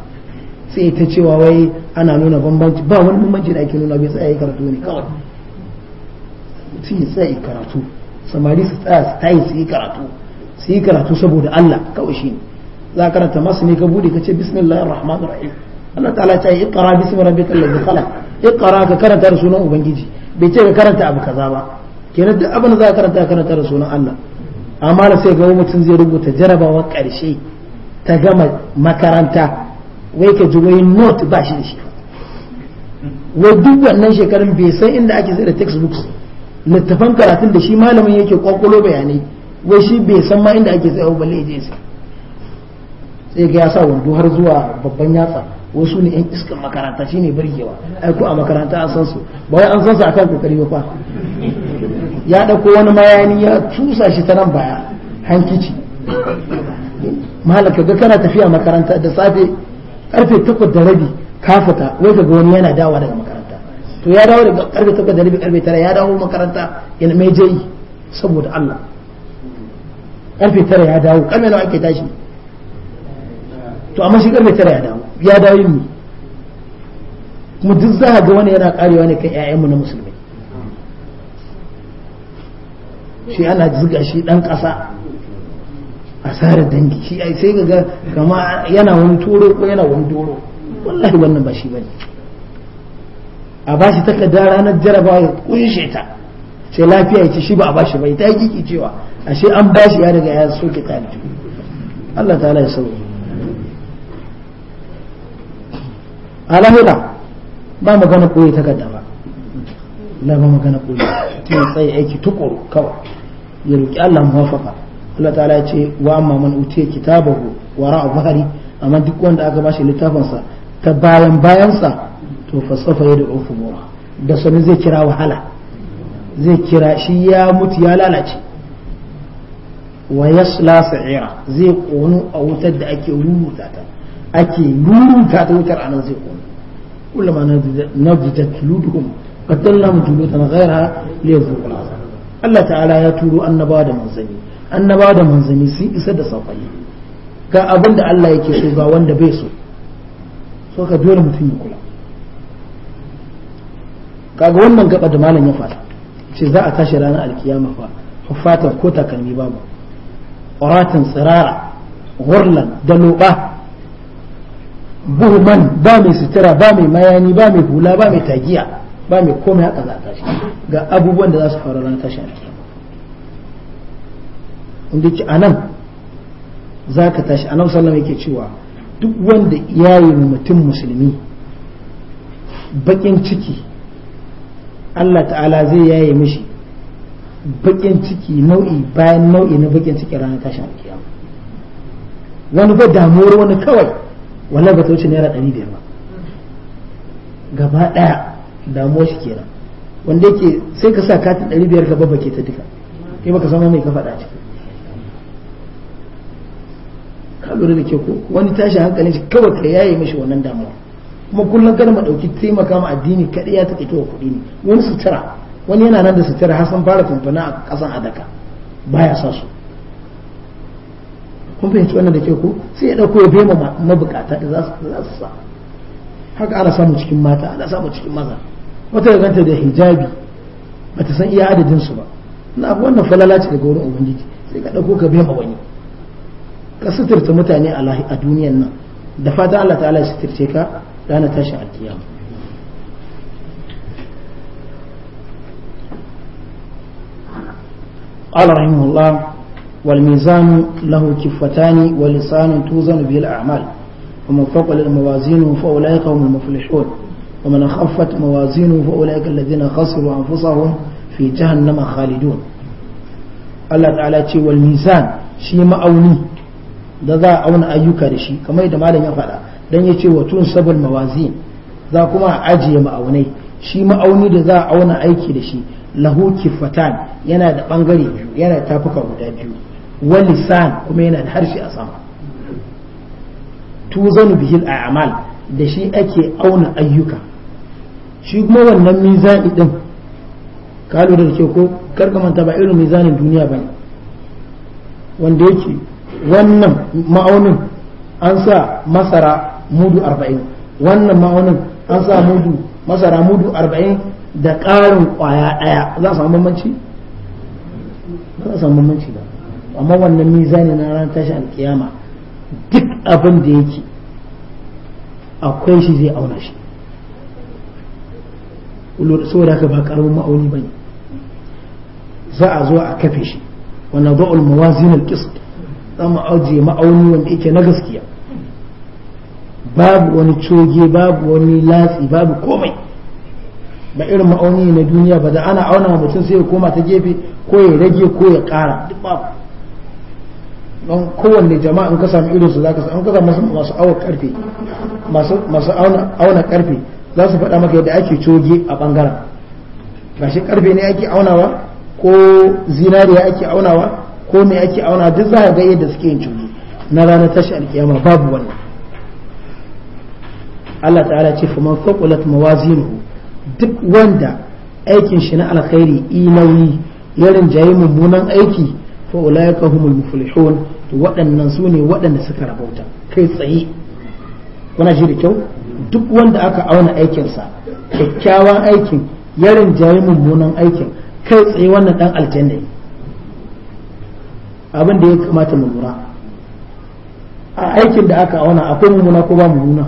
sai ita cewa wai ana nuna bambanci ba wani bambanci da ake nuna bai tsaya karatu ne kawai mutum ya tsaya karatu samari su tsaya su tayi su yi karatu su yi karatu saboda Allah kawai shi ne za karanta masu ne ka bude ka ce bismillahir rahmanir rahim Allah ta'ala ta yi iqra bismi rabbikal ladzi khalaq iqra ka karanta da sunan ubangiji bai ce ka karanta abu kaza ba kenan duk abin da za ka karanta karanta da sunan Allah amma sai ga mutum zai rubuta jarabawar karshe ta gama makaranta wai ka ji wai note ba shi da shi wai duk wannan shekarun bai san inda ake zai da textbooks littafan karatun da shi malamin yake kwakwalo bayanai wai shi bai san ma inda ake tsaye balle ya je sai sai ga ya sa wando har zuwa babban yatsa wasu ne yan iskan makaranta shine birgewa ai a makaranta an san su ba wai an san su akan kokari ba fa ya dauko wani mayani ya tusa shi ta nan baya hankici malaka ga kana tafiya makaranta da safe karfe takwas da rabi ka fita wai ga wani yana dawa daga makaranta to ya dawo daga karfe takwas da rabi karfe tara ya dawo makaranta yana mai jayi saboda Allah karfe tara ya dawo karfe nawa ake tashi to amma shi karfe tara ya dawo ya dawo yin mu kuma duk za ga wani yana karewa ne kan ƴaƴanmu na musulmai shi ana zuga shi dan ƙasa tsara dangi shi ai sai ga kama yana wani turo ko yana wani doro wallahi wannan ba shi bane a bashi takarda ranar jarabawa ya kunshe ta sai lafiya ya ce shi ba a bashi bai ta yi cewa ashe an bashi ya daga ya soke talibi Allah ta'ala ya A lahira ba magana koyi takarda ba la ba magana koyi tun tsaye aiki tukuru kawai ya roki Allah muwafaka Allah ta'ala ya ce wa amma man utiya kitabahu ra'a zahari amma duk wanda aka bashi littafin sa ta bayan bayansa to safa ya da ufubura da sani zai kira wahala zai kira shi ya mutu ya lalace wa yasla sa'ira zai konu a wutar da ake rubuta ta ake rubuta ta wutar nan zai konu kullama nabidat luduhum qatalna mutulatan ghayra liyazuqul azab Allah ta'ala ya turo annabawa da manzanni annaba da manzanni sun isa da saƙonni ga abin da Allah yake so ga wanda bai so so ka dole mutum ya kula kaga wannan gaba da malam ya fata ce za a tashi ranar alkiyama fa fatan ko takalmi babu ƙoratin tsirara hurlan da loɓa buhuman ba mai sutura ba mai mayani ba mai hula ba mai tagiya ba mai komai haka za a tashi ga abubuwan da za su faru ranar tashi alkiyama inda yake anan za ka tashi anan sallama yake cewa duk wanda ya yi mutum musulmi bakin ciki Allah ta'ala zai yaye mishi bakin ciki nau'i bayan nau'i na bakin ciki ranar tashin alkiyama wani ba damuwar wani kawai wallahi ba ta wuce naira ɗari biyar ba gaba ɗaya damuwar shi kenan wanda yake sai ka sa katin ɗari biyar ka ke ta duka kai baka san mai ka faɗa ciki ka lura da ke ko wani tashi hankalin shi kawai ka yaye mishi wannan damuwa kuma kullum kada mu dauki taimaka ma addini kadai ya take wa kuɗi ne wani sutura wani yana nan da sutura har san fara kumfana a kasan adaka baya sa su kun fahimci wannan da ke ko sai ya dauko ya ma mabukata da za su sa haka ana samu cikin mata ana samu cikin maza wata ya ganta da hijabi bata san iya adadin su ba na wannan falala ce daga wurin ubangiji sai ka ɗauko ka bai ma wani ka suturta mutane a duniyan nan da fata Allah ta'ala ya suturce ka rana tashi alkiyama قال رحمه الله والميزان له كفتان ولسان توزن به الأعمال ومن ثقلت الموازين فأولئك هم المفلحون ومن خفت موازينه فأولئك الذين خسروا أنفسهم في جهنم خالدون الله تعالى والميزان شيء مأوني da za a auna ayyuka da shi kamar yadda malam ya faɗa dan ya ce wa tun sabal mawazin za kuma a ajiye ma'aunai shi ma'auni da za a auna aiki da shi lahu kifatan yana da bangare biyu yana da tafuka guda biyu wal lisan kuma yana da harshe a sama tuzanu bihil a'mal da shi ake auna ayyuka shi kuma wannan mizani din ka lura da ke ko karkamanta ba irin mizanin duniya bane wanda yake wannan ma'aunin an sa masara mudu arba'in wannan ma'aunin an sa mudu masara mudu arba'in da ƙarin ƙwaya ɗaya za a samu bambanci ba za a samu bambanci ba amma wannan mizani na ran tashi alkiyama duk abin da yake akwai shi zai auna shi saboda haka ba karamin ma'auni za a zo a kafe shi wa nadau mawazin al qist za mu ma'auni wanda yake na gaskiya babu wani coge babu wani latsi babu komai ba irin ma'auni na duniya ba da ana auna wa mutum sai ya koma ta gefe ko ya rage ko ya kara duk babu don kowanne jama'a in ka sami irin su zaka san ka samu masu auna karfe masu auna karfe za su faɗa maka yadda ake coge a bangaren gashi karfe ne ake aunawa ko zinariya ake aunawa ko me ake auna duk za a ga yadda suke yin cuɗi na ranar tashi alkiyama babu wannan Allah ta'ala ce fa man faqulat mawazinuhu duk wanda aikin shi na alkhairi inawi ya rinjayi mummunan aiki fa ulaika humul muflihun to waɗannan su ne waɗanda suka rabauta kai tsaye kuna shi da kyau duk wanda aka auna aikinsa kyakkyawan aikin ya rinjayi mummunan aikin kai tsaye wannan dan aljanna ne abin da ya kamata mu lura a aikin da aka auna akwai mummuna ko ba mummuna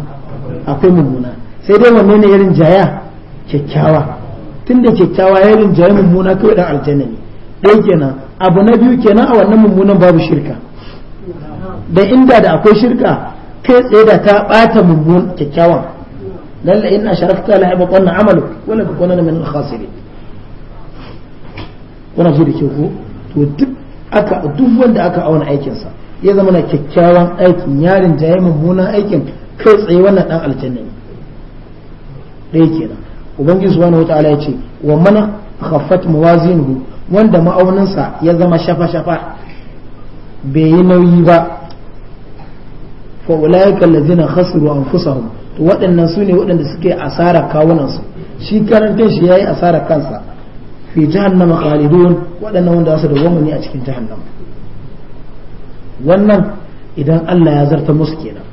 akwai mummuna sai dai wanne ne irin jaya kyakkyawa tunda kyakkyawa ya jaya mummuna kawai dan aljanna ne dai kenan abu na biyu kenan a wannan mummunan babu shirka da inda da akwai shirka kai tsaye da ta bata mummun kyakkyawan lalla inna sharakta la yabqa anna amalu wala takuna min al-khasirin kuna ji da ke ku to duk aka duk wanda aka auna aikinsa ya zama na kyakkyawan aikin yarin da yi mummunan aikin kai tsaye wannan dan aljanna ne dai kenan ubangiji subhanahu wataala ya ce wa mana khaffat mawazinuhu wanda ma'auninsa ya zama shafa shafa bai yi nauyi ba fa ulaika allazina khasiru anfusahum to waɗannan sune waɗanda suke asara kawunansu shi shi ya yayi asara kansa fi jahannama khalidun waɗannan wanda za su dawwama ne a cikin jahannam wannan idan Allah ya zarta musu kenan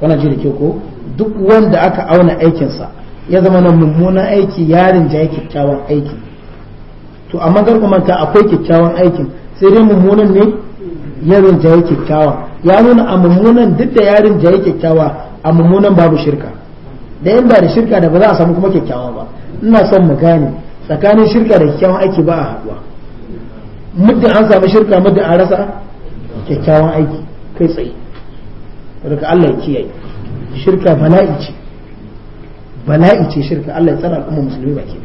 wannan ji da ke ko duk wanda aka auna aikinsa ya zama na mummunan aiki yarin ja kyakkyawan aiki to amma garba manta akwai kyakkyawan aikin sai dai mummunan ne yarin ja kyakkyawan ya nuna a mummunan duk da yarin ja kyakkyawa a mummunan babu shirka da ba da shirka da ba za a samu kuma kyakkyawa ba ina son mu gane tsakanin shirka da kyakkyawan aiki ba a haɗuwa muddin an samu shirka muddin an rasa kyakkyawan aiki kai tsaye daga Allah ya kiyaye shirka bala'i ce bala'i ce shirka Allah ya tsara al'umma musulmi baki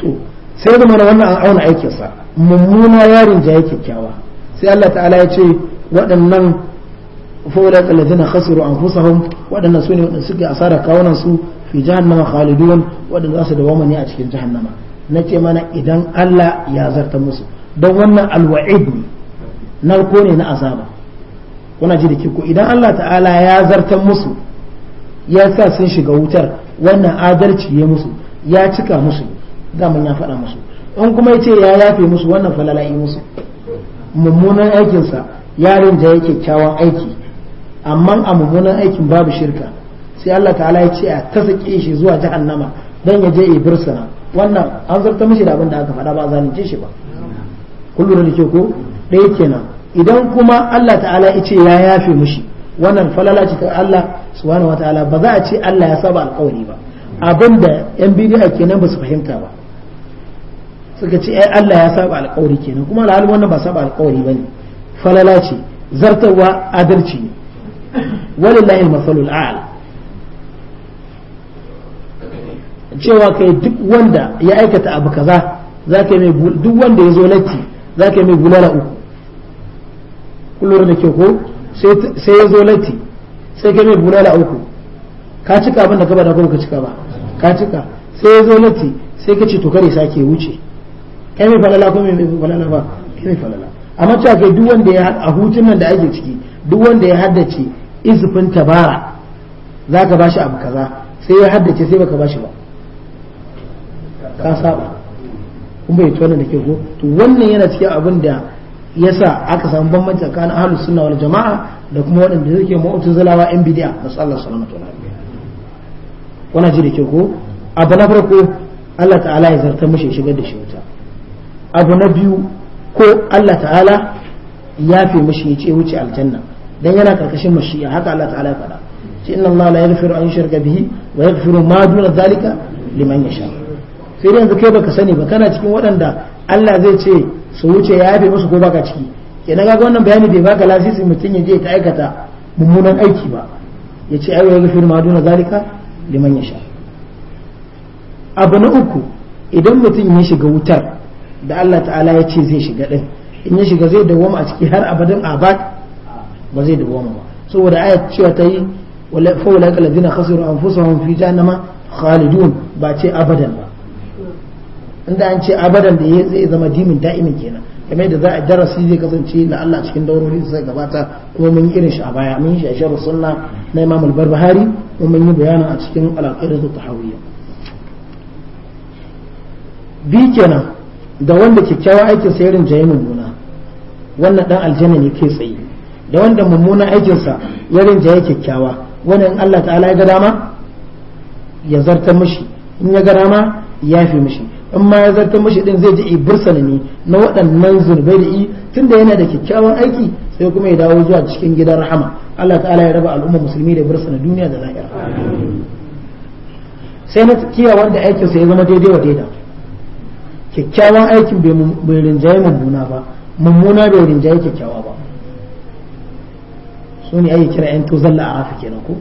to sai da mana wannan an auna sa mummuna yarin jaye kyakkyawa sai Allah ta'ala ya ce waɗannan fa'ulaka ladina khasiru anfusahum waɗannan sune waɗanda suke asara kawunan su fi jahannama khalidun wadanda za su dawama ne a cikin jahannama na ce mana idan Allah ya zarta musu don wannan alwa'id ne narko ne na azaba kuna ji da kiko idan Allah ta'ala ya zarta musu ya sa sun shiga wutar wannan adalci ya musu ya cika musu daman ya faɗa musu in kuma ya ce ya yafe musu wannan falalai musu mummunan aikinsa yarin da yake kyawan aiki amma a mummunan aikin babu shirka sai Allah ta'ala ya ce a tasake shi zuwa jahannama dan ya je ya bursuna wannan an zarta mishi da abin da aka faɗa ba a zalunce shi ba kullu da ke ko ɗaya kenan idan kuma Allah ta'ala ya ce ya yafe mishi wannan falala ce ta Allah subhanahu wataala ba za a ce Allah ya saba alƙawari ba abinda yan a kenan ba su fahimta ba suka ce ai Allah ya saba alƙawari kenan kuma alhali wannan ba saba alƙawari ne falala ce zartarwa adalci ne walillahi masalul a'ala cewa kai duk wanda ya aikata abu kaza za ka mai duk wanda ya zo latti za ka mai bulala uku kullum da ke ko sai ya zo latti sai ka mai bulala uku ka cika abin da ka bada kuma ka cika ba ka cika sai ya zo latti sai ka ce to kare sake wuce kai mai falala ko mai falala ba kai mai falala amma cewa kai duk wanda ya a hutun nan da ake ciki duk wanda ya haddace izufin tabara za ka ba shi abu kaza sai ya haddace sai baka ba shi ba ka saba kun bai wannan da ke ko to wannan yana cikin abin da sa aka samu bambanci tsakanin ahlus sunna wal jama'a da kuma waɗanda suke zalawa yan bid'a masallallahu salamatu wa lafiya wannan ji da ke ko abu na farko Allah ta'ala ya zartar mishi shigar da shi wuta abu na biyu ko Allah ta'ala ya fi mishi ya ce wuce aljanna dan yana karkashin ya haka Allah ta'ala ya faɗa inna Allah la yaghfiru an yushraka bihi wa yaghfiru ma duna zalika liman yasha sai dai yanzu kai baka sani ba kana cikin waɗanda Allah zai ce su wuce ya yafe musu ko baka ciki kenan ga wannan bayani bai baka lasisi mutum ya je ta aikata mummunan aiki ba ya ce ayo ya gafi ma duna zalika liman ya sha abu na uku idan mutum ya shiga wutar da Allah ta'ala ya ce zai shiga din in ya shiga zai dawoma a ciki har abadan abad ba zai dawoma ba saboda ayat cewa ta yi fa wala allazina khasiru anfusahum fi jahannama khalidun ba ce abadan ba inda an ce abadan da ya zai zama dimin da'imin kenan kamar yadda za a darasi zai kasance na Allah cikin daurori sai gabata kuma mun yi irin shi a baya mun yi shi a sunna na Imam al-Barbahari kuma mun yi bayanin a cikin al-Aqidatu Tahawiyya bi kenan da wanda kyakkyawan aikin sa irin jayi mummuna wannan dan aljanna ne kai tsaye da wanda mummuna aikin sa irin kyakkyawa kyakkyawa wannan Allah ta'ala ya ga dama ya zartar mishi in ya ga dama ya fi mishi in ma ya zartar mashi din zai ji bursana ne na waɗannan zurbai da i tunda yana da kyakkyawan aiki sai kuma ya dawo zuwa cikin gidan rahama Allah ta'ala ya raba al'umma musulmi da bursana duniya da lahira sai na kiya wanda aikin sa ya zama daidai wa daida kyakkyawan aikin bai rinjaye mummuna ba mummuna bai rinjaye kyakkyawa ba su ne ake kira 'yan tozalla a kenan ko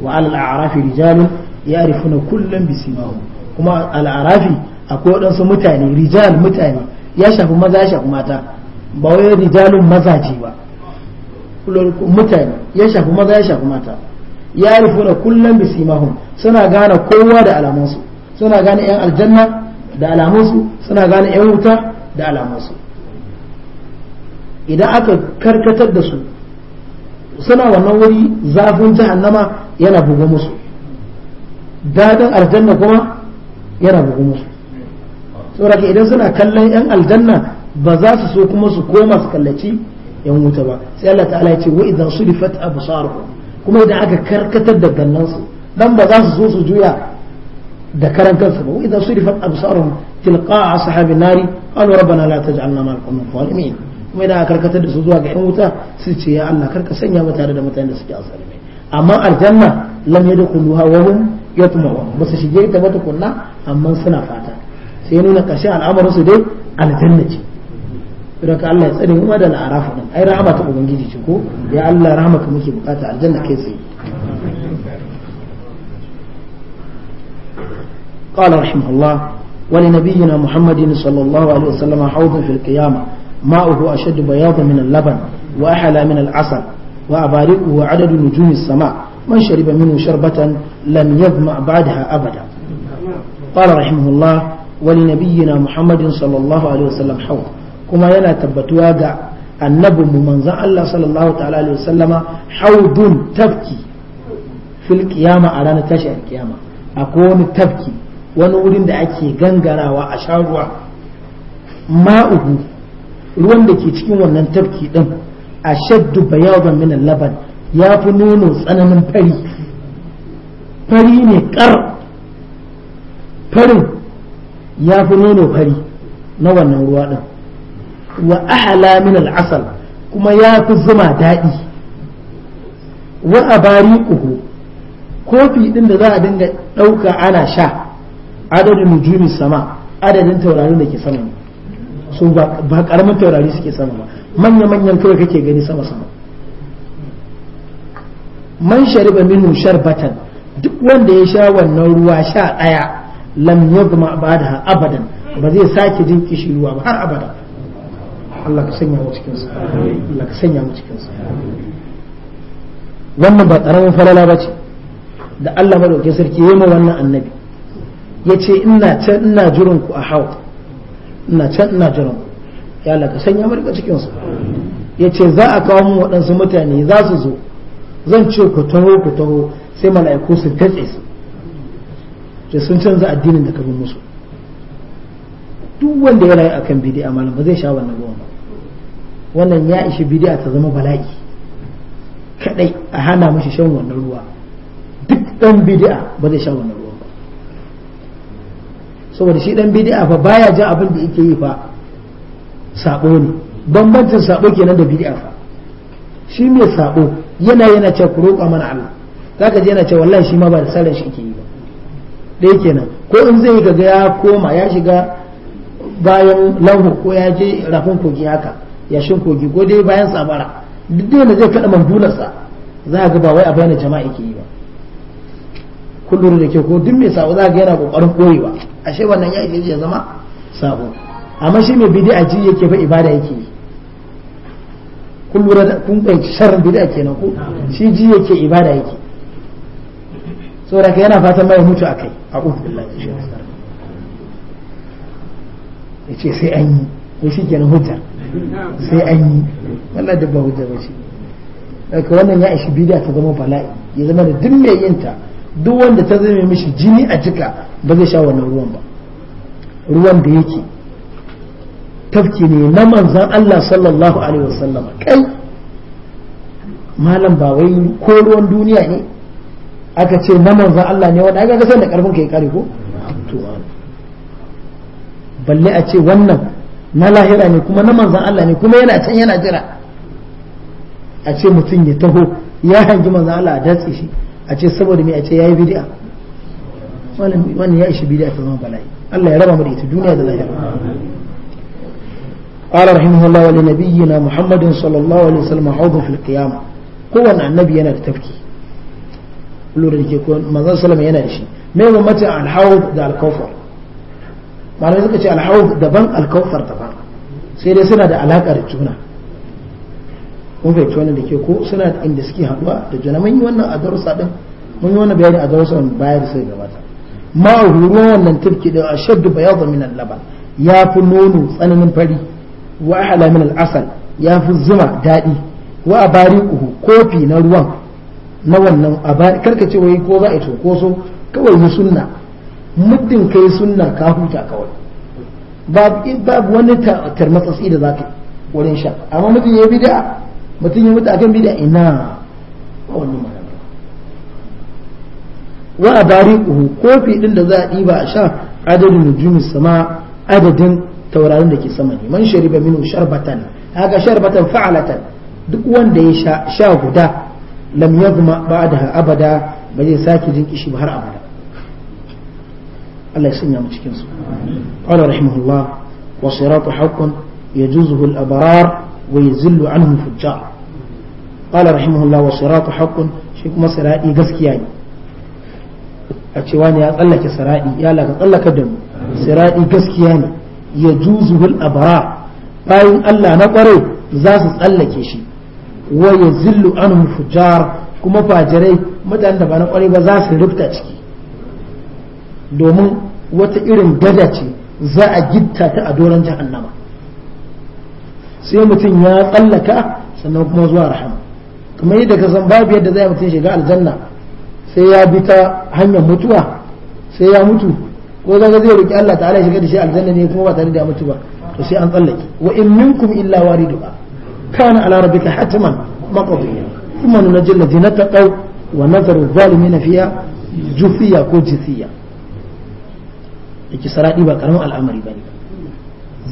wa al'arafi rijalun rijalun arifuna kullum bisimahu kuma al'arafi akwai waɗansu mutane rijal mutane ya shafi maza ya shafi mata ba wai rijalun maza ce ba mutane ya shafi maza ya shafi mata ya rufu da kullum da simahun suna gane kowa da alamansu suna gane yan aljanna da alamansu suna gane yan wuta da alamansu idan aka karkatar da su suna wannan wuri zafin jahannama yana bugu musu dadin aljanna kuma yana bugu musu saboda idan suna kallon yan aljanna ba za su so kuma su koma su kallaci yan wuta ba sai Allah ta'ala ya ce wa idan surifat absaruhum kuma idan aka karkatar da gannansu dan ba za su so su juya da karan kansu ba idan surifat absaruhum tilqa ashabin nari qalu rabbana la taj'alna ma'al qawmi zalimin kuma idan aka karkatar da su zuwa ga yan wuta su ce ya Allah karka sanya mu tare da mutanen da suke asalmi amma aljanna lam yadkhuluha wa hum yatma'un ba su shige ta ba tukunna amma suna fata sai nuna ƙarshen al'amarin su dai aljanna ce don ka Allah ya tsare mu da al'arafu din ai rahama ta ubangiji ce ko ya Allah rahama ka muke bukata aljanna kai tsaye قال رحمه الله ولنبينا محمد صلى الله عليه وسلم حوض في القيامة ماؤه أشد بياضا من اللبن وأحلى من العسل وأبارقه عدد نجوم السماء من شرب منه شربة لم يظمأ بعدها أبدا قال رحمه الله ولنبينا محمد صلى الله عليه وسلم حوض كما ينا تبتوا غا النبي من الله صلى الله تعالى عليه وسلم حوض تبكي في القيامة أرانا تشعر القيامة أكون تبكي wani wurin da ake gangarawa a sha ruwa ma'uhu ruwan da ke cikin wannan tafki din a shaddu bayawan min laban ya fi nono tsananin fari fari ne kar ya fi nono fari na wannan ruwa ɗin wa ahala min al'asal kuma ya fi zuma daɗi wa bari uku kofi ɗin da za a dinga ɗauka ana sha adadin nujumi sama adadin taurarin da ke sama ne ba ƙaramin taurari suke sama ba manya-manyan kawai kake gani sama-sama man shariba shar sharbatan duk wanda ya sha wannan ruwa sha ɗaya lam yadma ba'daha abadan ba zai sake jin kishirwa ba har abada Allah ka sanya mu cikin sa Allah ka sanya mu cikin sa wannan ba karamin falala bace da Allah madaukakin sarki yayi ma wannan annabi yace ina can ina jurin ku a hawa ina can ina jurin ku ya Allah ka sanya mu rika cikin sa yace za a kawo mu waɗansu mutane za su zo zan ce ku taho ku taho sai mala'iku su tatse su to sun canza addinin da kabin musu duk wanda ya yi akan a malam ba zai sha wannan ruwan ba wannan ya ishi bid'a ta zama bala'i kadai a hana mashi shan wannan ruwa duk dan bid'a ba zai sha wannan ruwan ba saboda shi dan bid'a fa baya jin abin da yake yi fa sabo ne bambancin sabo kenan da bid'a fa shi mai sabo yana yana cewa ku roƙa mana Allah zaka je yana cewa wallahi shi ma ba da salon shi yake yi ɗaya kenan ko in zai gaga ya koma ya shiga bayan lahu ko ya je rafin kogi haka yashin kogi ko dai bayan sabara duk dai na zai kada mandularsa za ga ba wai a bayan jama'a yake yi ba kullum da ke ko duk mai sabo za ga yana kokarin koyewa ashe wannan ya ya zama sabo amma shi mai bid'a ji yake ba ibada yake yi kullum da kun fahimci sharri bid'a kenan ko shi ji yake ibada yake saboda ka yana fatan mai mutu a kai a billahi shi ya ce sai an yi ko shi kenan hujja sai an yi wannan duk ba hujja ba daga wannan ya ishi bidiya ta zama bala'i ya zama da duk mai ta duk wanda ta zama mishi jini a jika ba zai sha wannan ruwan ba ruwan da yake tafki ne na manzan Allah sallallahu alaihi wasallam kai malam ba wai ko ruwan duniya ne aka ce na manzan Allah ne wanda aka ga sai da karfin ka ya kare ko balle a ce wannan na lahira ne kuma na manzan Allah ne kuma yana can yana jira a ce mutum ya taho ya hangi manzan Allah a datse shi a ce saboda me a ce yayi bid'a wannan ya ishi bid'a ta zama bala'i Allah ya raba mu da ita duniya da lahira قال رحمه الله ولنبينا محمد صلى الله عليه وسلم عوض في القيامة قوة النبي أنا تفكي lura da ke ko manzon sallama yana da shi me ya bambanta alhawd da alkawfar malamai suka ce alhawd daban alkawfar daban sai dai suna da alaka da juna mun fahimci wannan da ke ko suna da inda suke haɗuwa da juna mun yi wannan a darussa din mun yi wannan bayani a darussa baya da sai gabata ma ruwan wannan turki da ashaddu bayadu min al-laban ya fi nono tsananin fari wa ahala min al-asal ya fi zuma daɗi wa abariquhu kofi na ruwan na wannan a karka ce wai ko za a ko so kawai yi sunna muddin kai sunna ka huta kawai babu wani tarmatsatsi da za ka yi wurin sha amma mutum ya bida mutum ya mutu akan bida ina ba wani magana wa a bari uhu kofi din da za a ɗiba a sha adadin nujumis sama adadin taurarin da ke sama ne man shariba minu sharbatan haka sharbatan fa'alatan duk wanda ya sha guda lam yazma ba'daha abada ba zai sake jin kishi ba har abada Allah ya sanya mu cikin su qala rahimahullah wa siratu haqqun yajuzuhu al-abrar wa yazillu anhu fujjar qala rahimahullah wa siratu haqqun shi kuma sirati gaskiya ne a cewa ne ya tsallake sirati ya laka tsallaka da mu sirati gaskiya ne yajuzuhu al-abrar bayan Allah na kware za su tsallake shi ya zillu anhum fujar kuma fajirai mutanen da ba na kwarai ba za su rufta ciki domin wata irin gada ce za a gitta ta a doron jahannama sai mutum ya tsallaka sannan kuma zuwa rahama kamar yadda ka san babu yadda zai mutum shiga aljanna sai ya bi ta hanyar mutuwa sai ya mutu ko zaka zai roki Allah ta'ala ya shiga da shi aljanna ne kuma ba tare da mutu ba to sai an tsallake wa in minkum illa wariduha kana ala rabbika hatiman maqdiya kuma nunajjil na taqaw wa nadharu zalimin fiya jufiya ko jisiya yake siradi ba karamin al'amari bane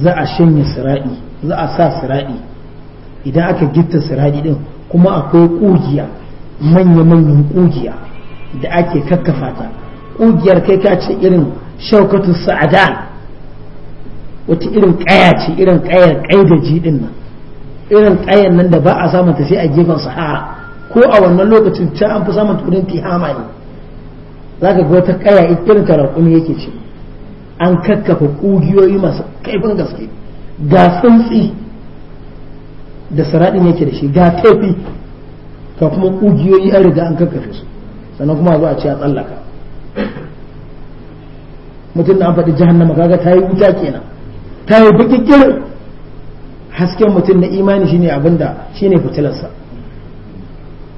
za a shanye Siraɗi za a sa Siraɗi idan aka gitta Siraɗi ɗin kuma akwai ƙugiya manya-manyan kugiya da ake kakkafa ƙugiyar kai ka ce irin shaukatu sa'ada wata irin kaya ce irin ƙayar kai da jidin nan irin tsayan nan da ba a samun ta sai a gefen sahara ko a wannan lokacin can an fi samun turin tihama ne za ka ga wata kaya irin ta yake ce an kakkafa ƙugiyoyi masu kaifin gaske ga tsuntsi da saraɗin yake da shi ga tafi ka kuma ƙugiyoyi an riga an kakkafe su sannan kuma zuwa ce a tsallaka mutum da an faɗi jihannama kaga ta yi wuta kenan ta yi baki hasken mutum na imani shine abinda shine fitilarsa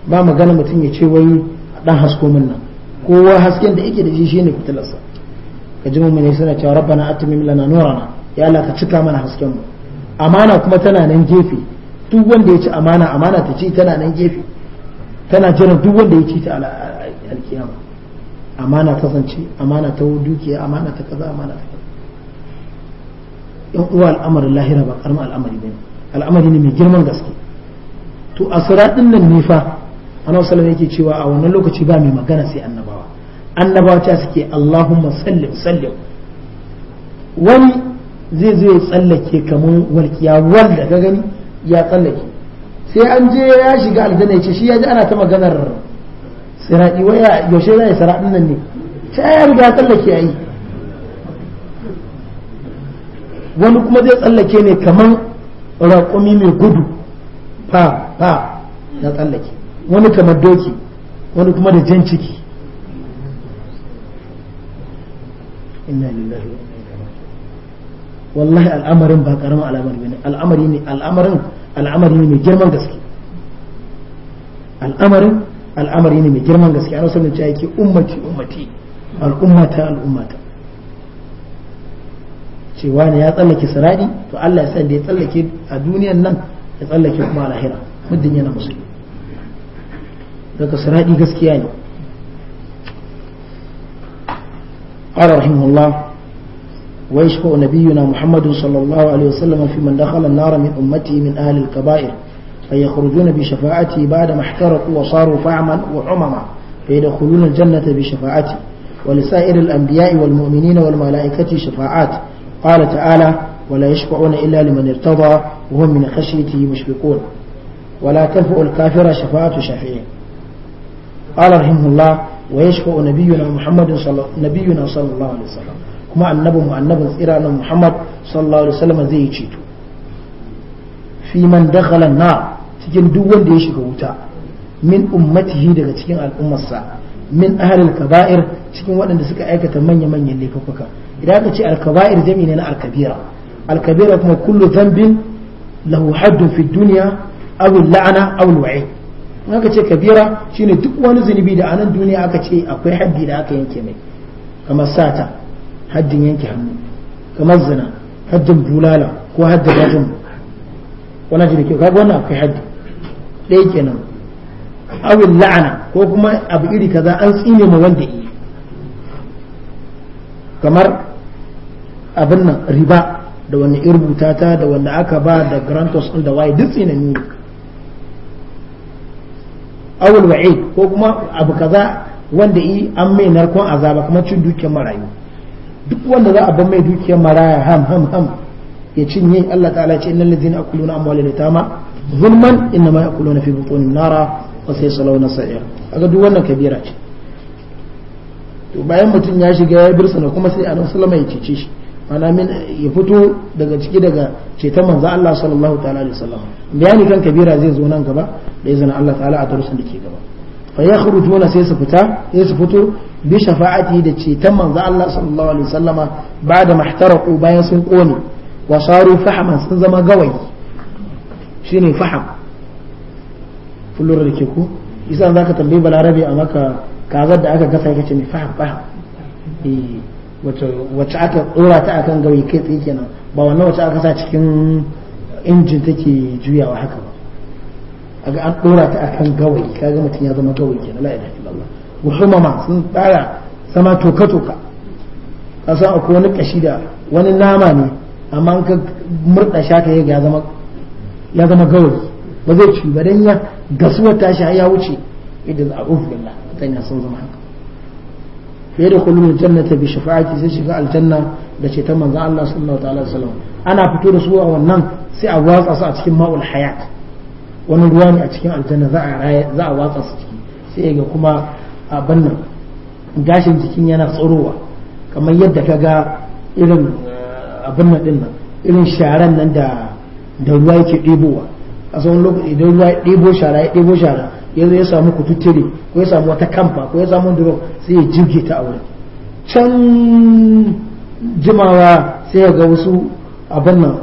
ba magana mutum ya ce wai dan hasko min nan kowa hasken da yake da shi shine fitilarsa ka ji mun ne suna cewa rabbana atmim lana nurana ya Allah ka cika mana hasken mu amana kuma tana nan gefe duk wanda ya ci amana amana ta ci tana nan gefe tana jiran duk wanda ya ci ta alkiyama amana ta zance amana ta dukiya amana ta kaza amana ta yan uwa al'amarin lahira ba karamin al'amari ne al'amari ne mai girman gaske to a siratin nan ne fa annabi sallallahu yake cewa a wannan lokaci ba mai magana sai annabawa annabawa ta suke Allahumma sallim sallim wani zai zo ya tsallake kamar walƙiya wanda ka gani ya tsallake sai an je ya shiga aljanna ya ce shi ya ji ana ta maganar sirati waya yaushe zai siratin nan ne ta ya riga tsallake yayi wani kuma zai tsallake ne kaman raƙumi mai gudu fa fa na tsallake wani kamar doki wani kuma da jan ciki inna lillahi wallahi al'amarin ba karamin al'amari ne al'amari ne al'amarin al'amari ne mai girman gaske al'amarin al'amari ne mai girman gaske ana sanin cewa yake ummati ummati al'ummata al'ummata cewa ne ya tsallake sirari to Allah ya san da ya tsallake a duniyan nan ya tsallake kuma a lahira muddin yana musulmi daga sirari gaskiya ne قال رحمه الله ويشفع نبينا محمد صلى الله عليه وسلم في من دخل النار من أمته من أهل الكبائر فيخرجون بشفاعته بعدما احترقوا وصاروا فعما وعمما فيدخلون الجنة بشفاعته ولسائر الأنبياء والمؤمنين والملائكة شفاعات قال تعالى ولا يشفعون إلا لمن ارتضى وهم من خشيته مشفقون ولا تنفع الكافر شفاعة شفيع قال رحمه الله ويشفع نبينا محمد صلى نبينا صلى الله عليه وسلم كما النبي مؤنب إيران محمد صلى الله عليه وسلم زي تشيتو في من دخل النار cikin duk wanda ya shiga wuta min ummatihi daga cikin al'ummarsa min ahlil kaba'ir cikin waɗanda suka aikata manya-manyan laifuka idan aka ce al-kaba'ir jami ne na al-kabira al-kabira kuma kullu dhanbin lahu haddun fi duniya aw la'ana aw al-wa'i in aka ce kabira shine duk wani zunubi da anan duniya aka ce akwai haddi da aka yanke mai kamar sata haddin yanke hannu kamar zina haddin bulala ko haddin rajin wannan jini kyau kaga wannan akwai haddi ɗaya kenan awil la'ana ko kuma abu iri kaza an tsine ma wanda yi kamar abin nan riba da wanda irbuta ta da wanda aka ba da grantos ɗin da waye duk tsine ne awul wa'id ko kuma abu kaza wanda yi an mai narkon azaba kuma cin dukiyar marayu duk wanda za a ban mai dukiyar maraya ham ham ham ya cinye Allah ta'ala ce innal ladina akuluna amwalil yatama zulman innama ya'kuluna fi butunin nara wa sai duk wannan kabira ce to bayan mutum ya shiga ya sana kuma sai annabi sallama ya cece shi mana min ya fito daga ciki daga ceton manzo Allah sallallahu ta'ala alaihi wasallam bayani kan kabira zai zo nan gaba da izinin Allah ta'ala a darussan da ke gaba fa yakhrujuna sai su fita sai su fito bi shafa'ati da ceton manzo Allah sallallahu alaihi wasallama ba'da mahtaraqu bayan sun kone wa saru fahaman sun zama gawayi shine faham kullum da ke ku isa za ka tambayi balarabe a maka kazar da aka gasa ya kace mai fahim fahim eh, wacce aka tsora ta akan gauyi kai tsaye kenan ba wannan wacce aka sa cikin injin take juyawa haka ba aga an ɗora ta akan ka ga mutum ya zama gawayi kenan la ilaha illallah muhammama sun tsara sama toka toka san akwai wani kashi da wani nama ne amma an ka murɗa shaka ya zama ya zama gawayi ba zai ci ba dan ya gasuwar tashi ya wuce idan a billah dan ya san zama haka fa yadkhulul jannata bi shafa'ati sai shiga aljanna da ce ta Allah sallallahu ta'ala sallam ana fito da su a wannan sai a watsa su a cikin ma'ul hayat wani ruwa ne a cikin aljanna za a watsa su ciki sai ga kuma a bannan gashin jikin yana tsorowa kamar yadda ka ga irin eh, abin nan din nan irin sharan nan da da ruwa yake ɗebowa a tsawon lokaci idan ruwa ya ɗebo shara ya ɗebo shara ya ya samu kututture ko ya samu wata kamfa ko ya samu duro sai ya jirge ta a wurin can jimawa sai ya ga wasu abin nan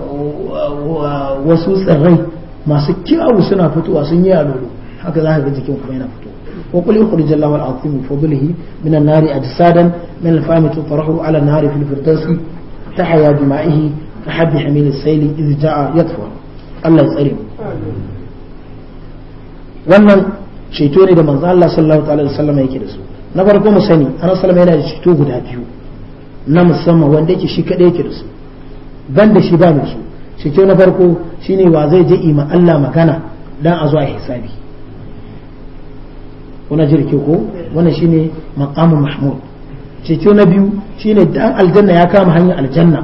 wasu tsirrai masu kyawu suna fitowa sun yi alolo haka za ka ga jikin kuma yana fito wa qul yukhrij Allahu al-azim min fadlihi min an-nari ajsadan min al-fahmi tufrahu ala an-nari fil ta tahya bima'ihi fa habbi hamil as-sayl idh ja'a yatfa Allah ya tsare mu wannan ceto ne da manzo Allah sallallahu alaihi wasallam yake da su na farko mu sani annabi sallallahu yana da ceto guda biyu na musamman wanda yake shi kadai yake da su ban shi ba mu su ceto na farko shine wa zai je ima Allah magana dan a zuwa hisabi kuna jirki ko wannan shine maqamu mahmud ceto na biyu shine dan aljanna ya kama hanyar aljanna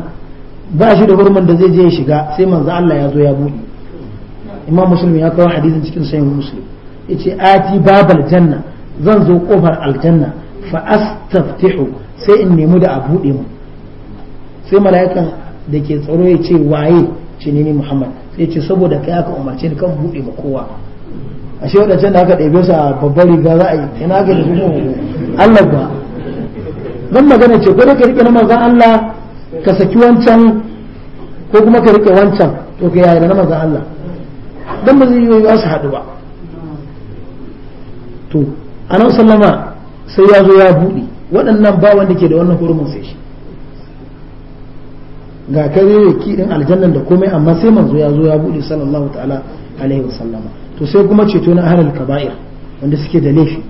ba shi da hurman da zai je ya shiga sai manzo Allah ya zo ya buɗe imam muslim ya kawo hadisin cikin sayin muslim yace ati babal janna zan zo kofar aljanna fa astaftihu sai in nemi da a buɗe mu sai mala'ikan da ke tsaro ya ce waye ce ne muhammad sai ce saboda kai aka umarce ni kan buɗe ma kowa ashe wadancan da aka ɗebe su a babbar riga za a yi ina ga da su Allah ba zan magana ce ko da ka rike na manzan Allah ka saki wancan ko kuma ka rike wancan to ka yaya na manzan Allah dan ba zai yi su haɗu ba to anan sallama sai ya zo ya buɗe waɗannan ba wanda ke da wannan hurumin sai shi ga kare ki din aljannan da komai amma sai manzo ya zo ya buɗe sallallahu ta'ala alaihi wasallama to sai kuma ceto na ahlul kaba'ir wanda suke da laifi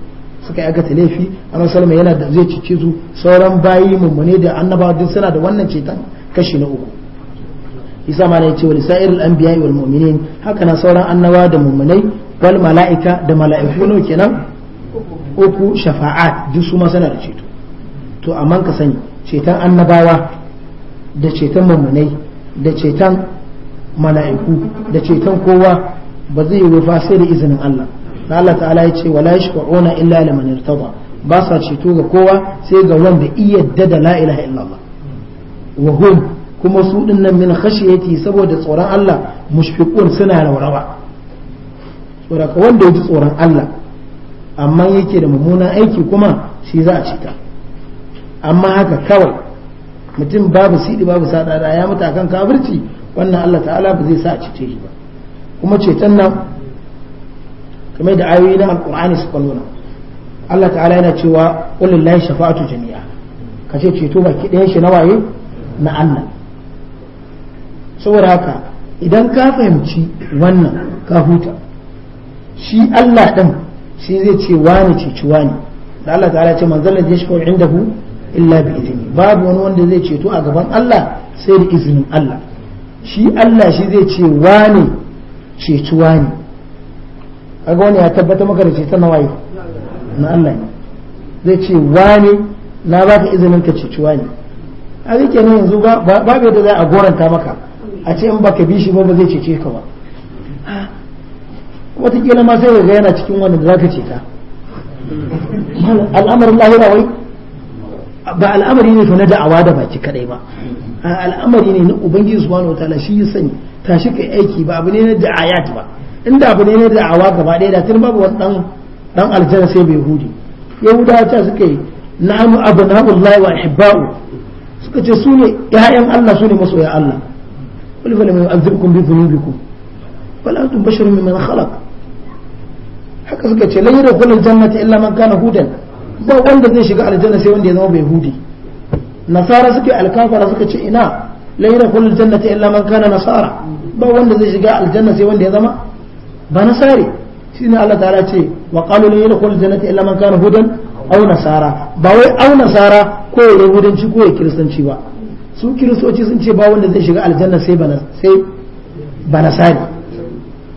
suka yi agata laifi anan sallama yana da zai cice su sauran bayi mummune da annabawa duk suna da wannan ceton kashi na uku isa ma ne ce wal sa'irul anbiya'i wal mu'minin haka na sauran annawa da mu'minai wal mala'ika da mala'iku ne kenan uku shafa'at duk su ma suna da ceto to amma ka sani ceton annabawa da ceton mu'minai da ceton mala'iku da ceton kowa ba zai yi fa sai da izinin Allah da Allah ta'ala ya ce wala yashfa'una illa liman irtada ba sa ceto ga kowa sai ga wanda iya da la ilaha illallah wa kuma su din nan min khashiyati saboda tsoron Allah mushfiqun suna rauraba tsoron wanda yake tsoron Allah amma yake da mummunan aiki kuma shi za a cika amma haka kawai mutum babu sidi babu sadada ya mutu akan kafirci wannan Allah ta'ala ba zai sa a cice shi ba kuma ceton nan kamar da ayoyi na alkur'ani suka nuna Allah ta'ala yana cewa qul lillahi shafa'atu jami'a kace ceto baki ɗayan shi na waye na Allah saboda haka idan ka fahimci wannan ka huta shi Allah ɗin shi zai ce wani ceci wani da Allah ta ce manzon da shi kawai inda illa bi izini babu wani wanda zai ceto a gaban Allah sai da izinin Allah shi Allah shi zai ce wani ceci wani kaga wani ya tabbata maka da ce na waye na Allah ne zai ce wani na baka izinin ka ceci wani a zai kenan yanzu babu yadda za a goranta maka a ce in baka bi shi ba ba zai cece ka ba watakila ma sai ga yana cikin wanda za ka ceta al'amarin lahira wai ba al'amari ne fa na da'awa da baki kadai ba al'amari ne na ubangiji subhanahu wataala shi ya sani tashi kai aiki ba abu ne na da'ayat ba inda abu ne na da'awa gaba ɗaya da tun babu wani dan aljanna sai bai hudi yahudawa ta suka yi abu abna'ullahi wa ihibba'u suka ce su ne 'ya'yan Allah su ne masoya Allah قل فلم يؤذبكم بذنوبكم بل أنتم بشر ممن خلق haka suka ce lai rakunan jannata illa man kana hudan ba wanda zai shiga aljanna sai wanda ya zama bai hudi nasara suke alkafara suka ce ina lai rakunan jannata illa man kana nasara ba wanda zai shiga aljanna sai wanda ya zama ba nasari shine Allah ta'ala ce wa qalu lai rakunan jannata illa man kana hudan aw nasara ba wai auna nasara ko yahudanci ko kiristanci ba su kiristoci sun ce ba wanda zai shiga aljanna sai bana sai sani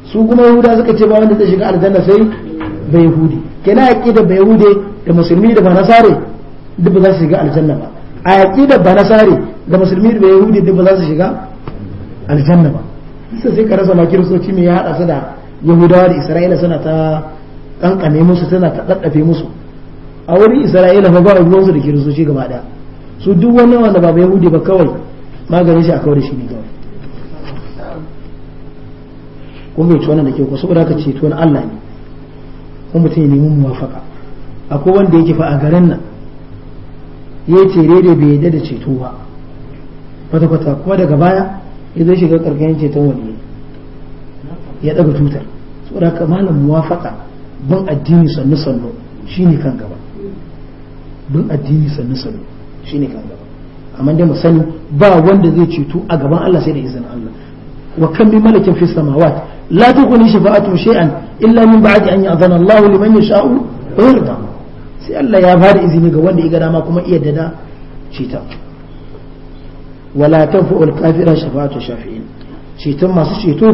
su kuma yahuda suka ce ba wanda zai shiga aljanna sai bai yahudi kenan aqida bai yahudi da musulmi da bana sare duk ba za su shiga aljanna ba a da bana sare da musulmi da bai yahudi duk ba za su shiga aljanna ba sai sai ka rasa ma kiristoci mai ya haɗa su da yahudawa da isra'ila suna ta kankane musu tana ta ɗaɗɗafe musu a wurin isra'ila ba ba ruwansu da kiristoci gaba ɗaya su duk wani wanda ba yahudi ba kawai maganin shi a kawar shi ne kawai kun bai ci wannan da ke ku saboda haka ceto na Allah ne kuma mutum ya nemi muwafaka akwai wanda yake fa a garin nan ya ce da bai yadda da ceto ba kwata-kwata kuma daga baya ya zai shiga karkashin ceton wani ya daga tutar saboda haka malam muwafaka bin addini sannu sannu shi ne kan gaba bin addini sannu sannu shine kan gaba amma dai mu sani ba wanda zai ceto a gaban Allah sai da izinin Allah wa kan bi malakin fi samawat la tukuni shafa'atu shay'an illa min ba'di an ya'zana Allah liman yasha'u wa yarda sai Allah ya bada izini ga wanda ya ga dama kuma iya dada cita wala tanfa'u al-kafira shafa'atu shafi'in ceton masu ceto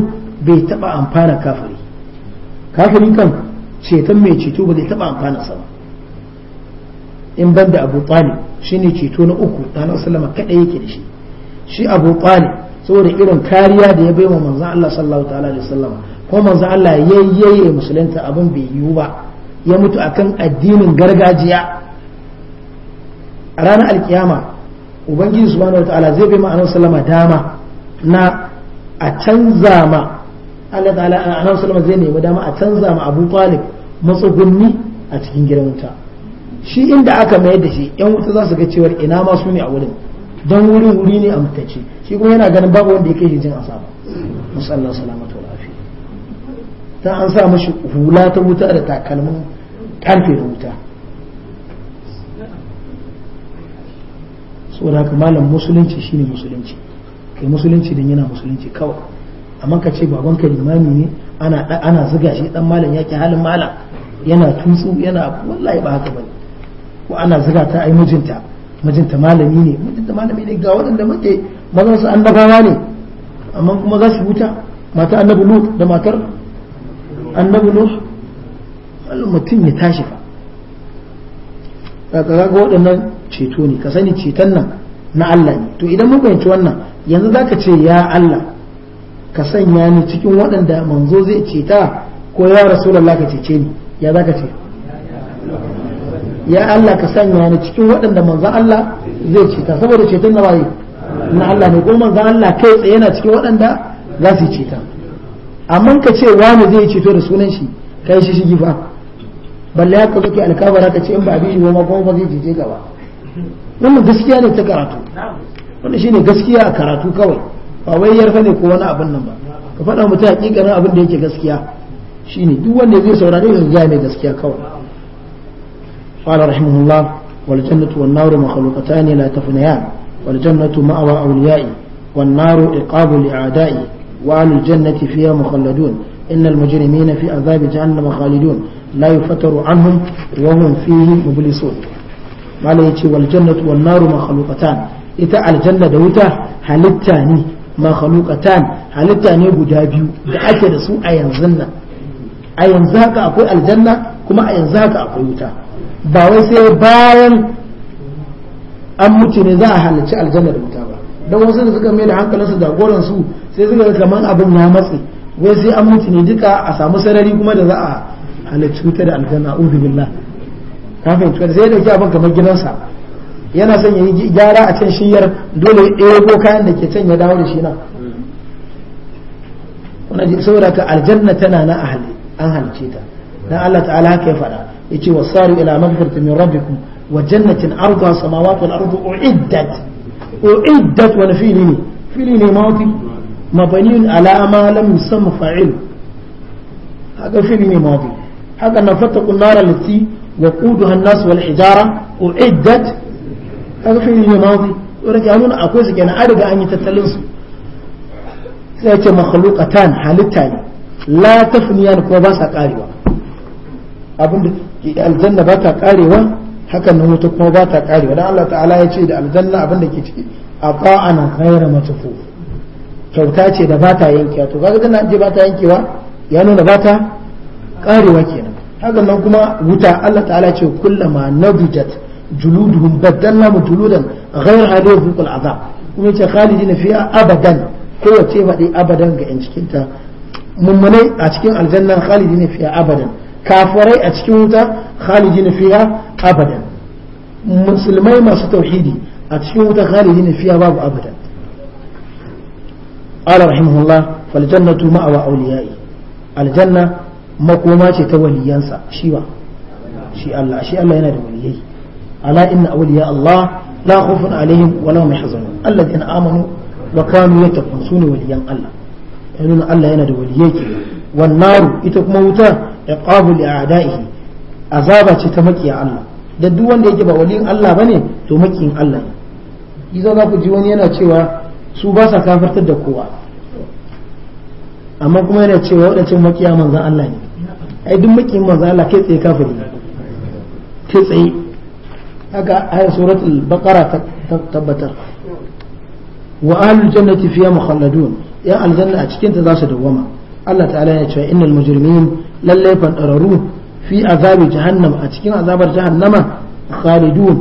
bai taba amfana kafiri kafiri kan ceton mai ceto ba zai taba amfana sa ba in ban da abu talib ne ceto na uku ɗanar sallama kaɗai yake da shi shi abu talib saboda irin kariya da ya bai wa manzan Allah sallallahu ta'ala da sallama ko manzan Allah ya yayyaye musulunta abin bai yiwu ba ya mutu akan addinin gargajiya a ranar alkiyama ubangiji subhanahu wa ta'ala zai bai ma annabi sallama dama na a canza ma Allah ta'ala annabi sallama zai nemi dama a canza ma Abu Talib matsugunni a cikin gidan wuta shi inda aka mayar da shi yan wuta za su ga cewar ina ma su ne a wurin don wuri wuri ne a mutacce shi kuma yana ganin babu wanda ya kai jin asaba musallan salamatu wa lafiya ta an sa mashi hula ta wuta da takalmin karfe da wuta saboda haka malam musulunci shine musulunci kai musulunci don yana musulunci kawai amma ka ce baban ka limami ne ana ana zuga shi dan malam yake halin malam yana tutsu yana wallahi ba haka bane ko ana zuga ta ai mijinta mijinta malami ne mijinta malami ne ga waɗanda muke mazan su annabawa ne amma kuma za su wuta mata annabi lut da matar annabi nuh Allah mutum ya tashi fa kaga ga waɗannan ceto ne ka sani ceton nan na Allah ne to idan mun fahimci wannan yanzu zaka ce ya Allah ka sanya ni cikin waɗanda manzo zai ceta ko ya rasulullah ka cece ni ya zaka ce ya Allah ka sanya ni cikin waɗanda manzan Allah zai cita saboda ceton na waye na Allah ne ko manzan Allah kai tsaye yana cikin waɗanda za su cita amma ka ce wani zai ceto da sunan shi kai shi shi gifa balle ya kazo ke alkabara ka ce in ba bi ma kuma ba zai jeje gaba wannan gaskiya ne ta karatu wannan shine gaskiya a karatu kawai ba wai yarfa ne ko wani abin nan ba ka faɗa mutum hakikanin abin da yake gaskiya shine duk wanda zai saurare yanzu ga mai gaskiya kawai قال رحمه الله والجنة والنار مخلوقتان لا تفنيان والجنة مأوى أوليائي والنار إقاب لأعدائي وأهل الجنة فيها مخلدون إن المجرمين في عذاب جهنم خالدون لا يفتر عنهم وهم فيه مبلسون قال يتي والجنة والنار مخلوقتان إذا الجنة دوتا هلتاني مخلوقتان هلتاني بدابيو لأكد سوء ينزلنا a yanzu haka akwai الجنة كما a yanzu haka يوتا ba wai sai bayan an mutu ne za a halarci aljanna da wuta ba don wasu da suka mai da hankalinsu da goron su sai suka ga kamar abin ya matsi wai sai an mutu ne duka a samu sarari kuma da za a halarci wuta da aljanna uzu billah kafin tuwa sai da kamar gidansa yana son ya yi gyara a can shiyar dole ya ɗebo kayan da ke can ya dawo da shi nan wannan saboda ka aljanna tana na an halice ta dan Allah ta'ala haka ya faɗa yace wasaru ila maghfiratin min rabbikum wa jannatin arduha samawati wal ardu uiddat uiddat wani fili ne fili ne mawdi mabani ala ma lam yusamma fa'il haka fili ne mawdi haka na fatakun nara lati wa quduha an-nas wal hijara uiddat haka fili ne mawdi wurin ya nuna akwai su kenan an riga an yi tattalin su sai ce makhluqatan halitta ne la tafniyan ko ba sa abinda aljanna ba ta karewa hakan na wuta kuma ba ta karewa dan Allah ta'ala ya ce da aljanna abinda ke ciki ata'an ghayra matfu kyauta ce da ba ta yankewa to kaga dan je ba ta yankewa ya nuna ba ta karewa kenan hakan nan kuma wuta Allah ta'ala ce kullama nabijat juluduhum badalnahum juludan ghayra hadhihi azab kuma ce khalidina fiha abadan kowace faɗi abadan ga 'yan cikinta mummunai a cikin aljanna khalidin fiha abadan kafirai a cikin wuta khalidina fiha abadan musulmai masu tauhidi a cikin wuta khalidina fiha babu abadan qala rahimahullah fal jannatu ma'awa awliya'i aljanna makoma ce ta waliyansa shi ba shi Allah shi Allah yana da waliyai ala inna awliya Allah la khawfun alaihim wa la hum yahzanun alladhina amanu wa kanu yattaqun sunu waliyan Allah yana Allah yana da waliyai ke wannan ita kuma wuta iqabu a a'da'ihi azaba ce ta makiya Allah da duk wanda yake ba walin Allah bane to makiyin Allah ne za ku ji wani yana cewa su ba sa kafartar da kowa amma kuma yana cewa waɗancan makiya manzan Allah ne ai duk makiyin manzan Allah kai tsaye kafiri kai tsaye haka ayar suratul baqara ta tabbatar wa ahlul jannati fiha mukhalladun ya aljanna a cikin ta za su dawwama Allah ta'ala ya ce innal mujrimin lalle fadararru fi azabi jahannama a cikin azabar jahannama khalidun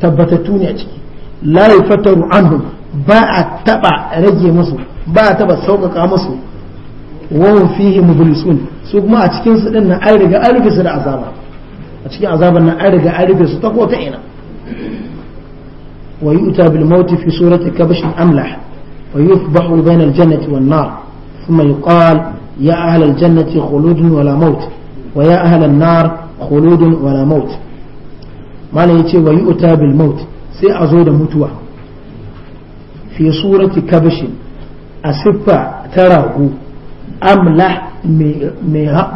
tabbatattu ne a ciki la yafataru anhum ba a taba rage musu ba a taba sauƙaƙa musu wahum fihi mublisun su kuma a cikin su din nan riga an rufe su da azaba a cikin azaban nan an riga an rufe su ta ko ina wa yu'ta bil maut fi surati kabshin amlah wa yufbahu bayna al jannati wan nar thumma yuqal يا أهل الجنة خلود ولا موت ويا أهل النار خلود ولا موت ما لا يتي ويؤتى بالموت سي أزود متوى في صورة كبش أسفة تراه أملح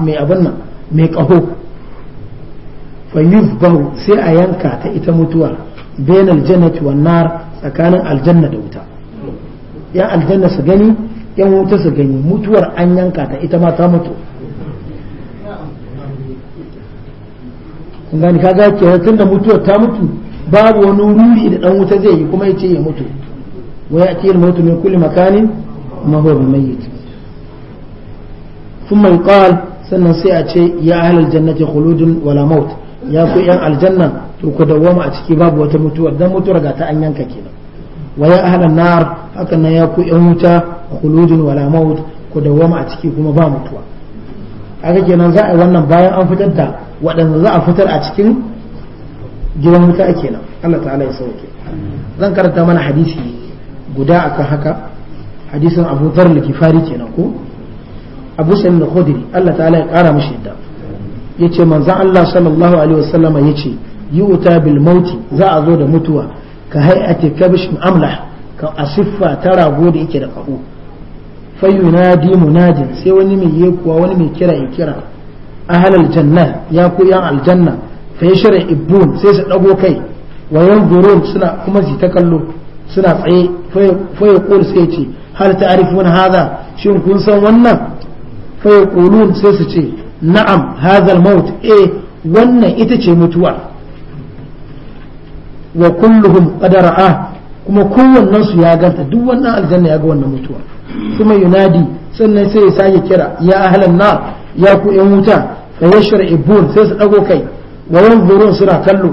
مي أبنى مي قهو فيذبه سي أينكا تأتى متوى بين الجنة والنار سكان الجنة دوتا يا الجنة سجني yan wuta su gani mutuwar an yanka ta ita ma ta mutu ka ga ke tun da mutuwar ta mutu babu wani ruri da dan wuta zai yi kuma ya ce ya mutu wa ya'ti al mutu min kulli makanin ma huwa mayyit thumma yuqal sannan sai a ce ya ahlal jannati khuludun wala maut ya ku yan aljanna to ku dawwama a ciki babu wata mutuwar dan mutuwar ga ta an yanka kenan wa ya ahlan nar hakan ya ku yan wuta khuludun wala maut ko dawwama a ciki kuma ba mutuwa aka kenan za a yi wannan bayan an fitar da waɗanda za a fitar a cikin gidan wuta kenan Allah ta'ala ya sauke zan karanta mana hadisi guda akan haka hadisin Abu Dharr al-Ghifari kenan ko Abu Sa'id al-Khudri Allah ta'ala ya kara mishi yadda yace manzon Allah sallallahu alaihi wasallam yace yu'ta bil mauti za a zo da mutuwa ka hay'ati kabshin amlah ka asiffa ta rago da yake da kabo fayunadi munadin sai wani mai yekuwa wani mai kira ya kira ahlal janna ya ku yan aljanna fa ibun sai su dago kai wa yanzurun suna kuma zita kallo suna tsaye fa sai ce hal arifin haza. shin kun san wannan fa yaqulun sai su ce na'am hazal al-maut eh, wannan ita ce mutuwa wa kulluhum qad ra'a kuma kowannen su ya ganta duk wannan aljanna ya ga wannan mutuwa kuma yunadi sannan sai ya sake kira ya ahlan na ya ku yan wuta fa yashra'ibun sai su dago kai wa yanzurun suna kallo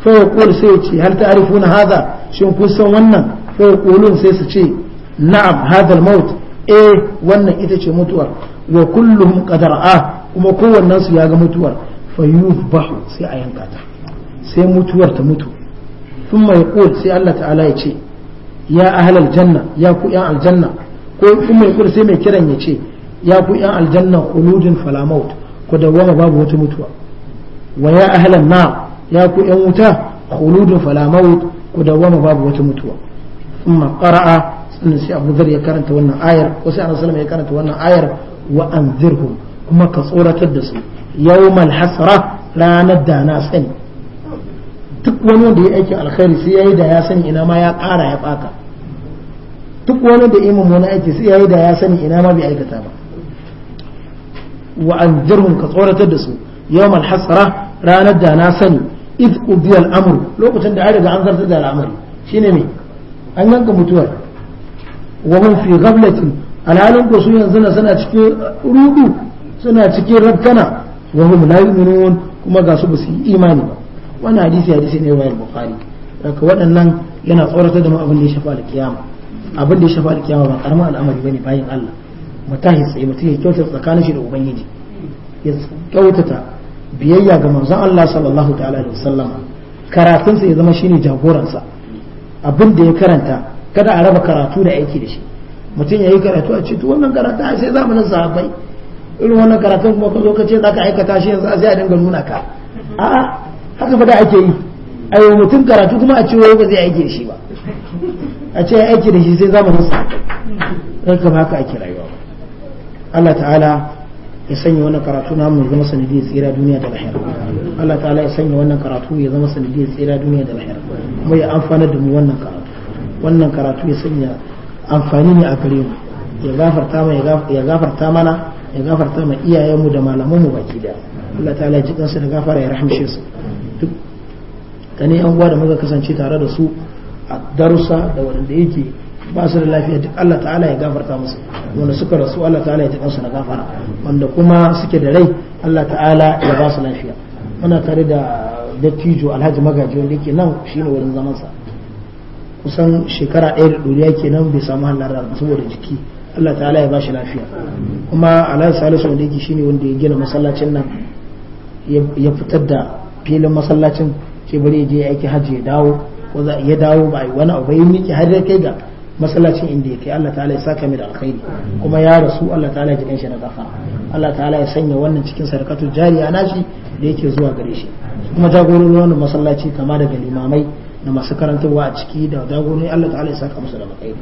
fa yaqul sai ya ce hal ta'rifuna hadha shin kun san wannan fa yaqulun sai su ce na'am hadha al-maut eh wannan ita ce mutuwar wa kulluhum qad ra'a kuma kowannen su ya ga mutuwar fa yuzbahu sai a yanka ta sai mutuwar ta mutu sun mai kul sai Allah ta'ala ya ce ya ahal aljanna ya ku yan aljanna ko sun mai kul sai mai kiran ya ce ya ku yan aljanna khuludin fala maut ku wama babu wata mutuwa wa ya ahal anna ya ku wuta khuludin fala maut ku da wama babu wata mutuwa amma qara'a sun sai Abu Dhar ya karanta wannan ayar ko sai Annabi sallallahu ya karanta wannan ayar wa anzirhum kuma ka tsoratar da su yau hasra ranar da na sani duk wani wanda ya aikin alkhairi sai yayi da ya sani ina ma ya ƙara ya baka duk wani da imin wani aiki sai yayi da ya sani ina ma bai aikata ba wa anzirhum ka tsoratar da su yawmal hasra ranar da na sani id ubiya al'amru lokacin da an riga an zartar da al'amari shine me an yanka mutuwar wa hum fi ghaflatin alhalin ko su yanzu na suna cikin rudu suna cikin rabkana wa hum la yu'minun kuma ga su ba su yi imani ba wannan hadisi hadisi ne wayar bukhari daga waɗannan yana tsoratar da mu abin da ya shafa alkiyama abin da ya shafa alkiyama ba karamin al'amari bane bayan Allah mutahi tsaye mutum ya kyautata tsakanin shi da ubangiji ya kyautata biyayya ga manzon Allah sallallahu ta'ala alaihi wasallam sa ya zama shine jagoransa abin da ya karanta kada a raba karatu da aiki da shi mutum ya yi karatu a ce to wannan karatu a sai zamanin sahabbai irin wannan karatun kuma ka zo ka ce zaka aikata shi yanzu sai a dinga nuna ka a'a haka fada ake yi a yi mutum karatu kuma a ce wai ba zai aiki da shi ba a ce aiki da shi sai mu nasa kai kama haka ake rayuwa ba. Allah ta'ala ya sanya wannan karatu na mu zama sanadiyar tsira duniya da lahira Allah ta'ala ya sanya wannan karatu ya zama sanadiyar tsira duniya da lahira kuma ya amfana da mu wannan karatu wannan karatu ya sanya amfani ne a gare mu ya gafarta mana ya gafarta mana ya gafarta mana iyayenmu da malamanmu baki daya Allah ta'ala ya ji kansa da gafara ya rahamshe su ne yan uwa da muka kasance tare da su a darussa da waɗanda yake ba su da lafiya duk Allah ta'ala ya gafarta musu wanda suka rasu Allah ta'ala ya taɓa su na gafara wanda kuma suke da rai Allah ta'ala ya ba su lafiya muna tare da dattijo alhaji magaji wanda yake nan shine wurin zamansa kusan shekara ɗaya da ɗoriya kenan bai samu halar saboda jiki Allah ta'ala ya ba shi lafiya kuma alhaji salisu wanda yake shine wanda ya gina masallacin nan ya fitar da filin masallacin ce bari je aiki hajji ya dawo ko za ya dawo ba yi wani abu ya miki har ya kai ga masallacin inda ya kai Allah ta'ala ya saka mai da alkhairi kuma ya rasu Allah ta'ala ya jikin shi da kafa Allah ta'ala ya sanya wannan cikin sarkatul jariya nashi da yake zuwa gare shi kuma jagororin wannan masallaci kama daga limamai da masu karantarwa a ciki da jagorori Allah ta'ala ya saka musu da alkhairi.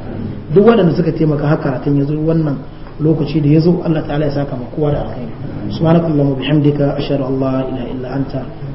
duk waɗanda suka taimaka har karatun ya zo wannan lokaci da ya zo Allah ta'ala ya saka ma kowa da alkhairi subhanakallahumma bihamdika ashhadu an la ilaha illa anta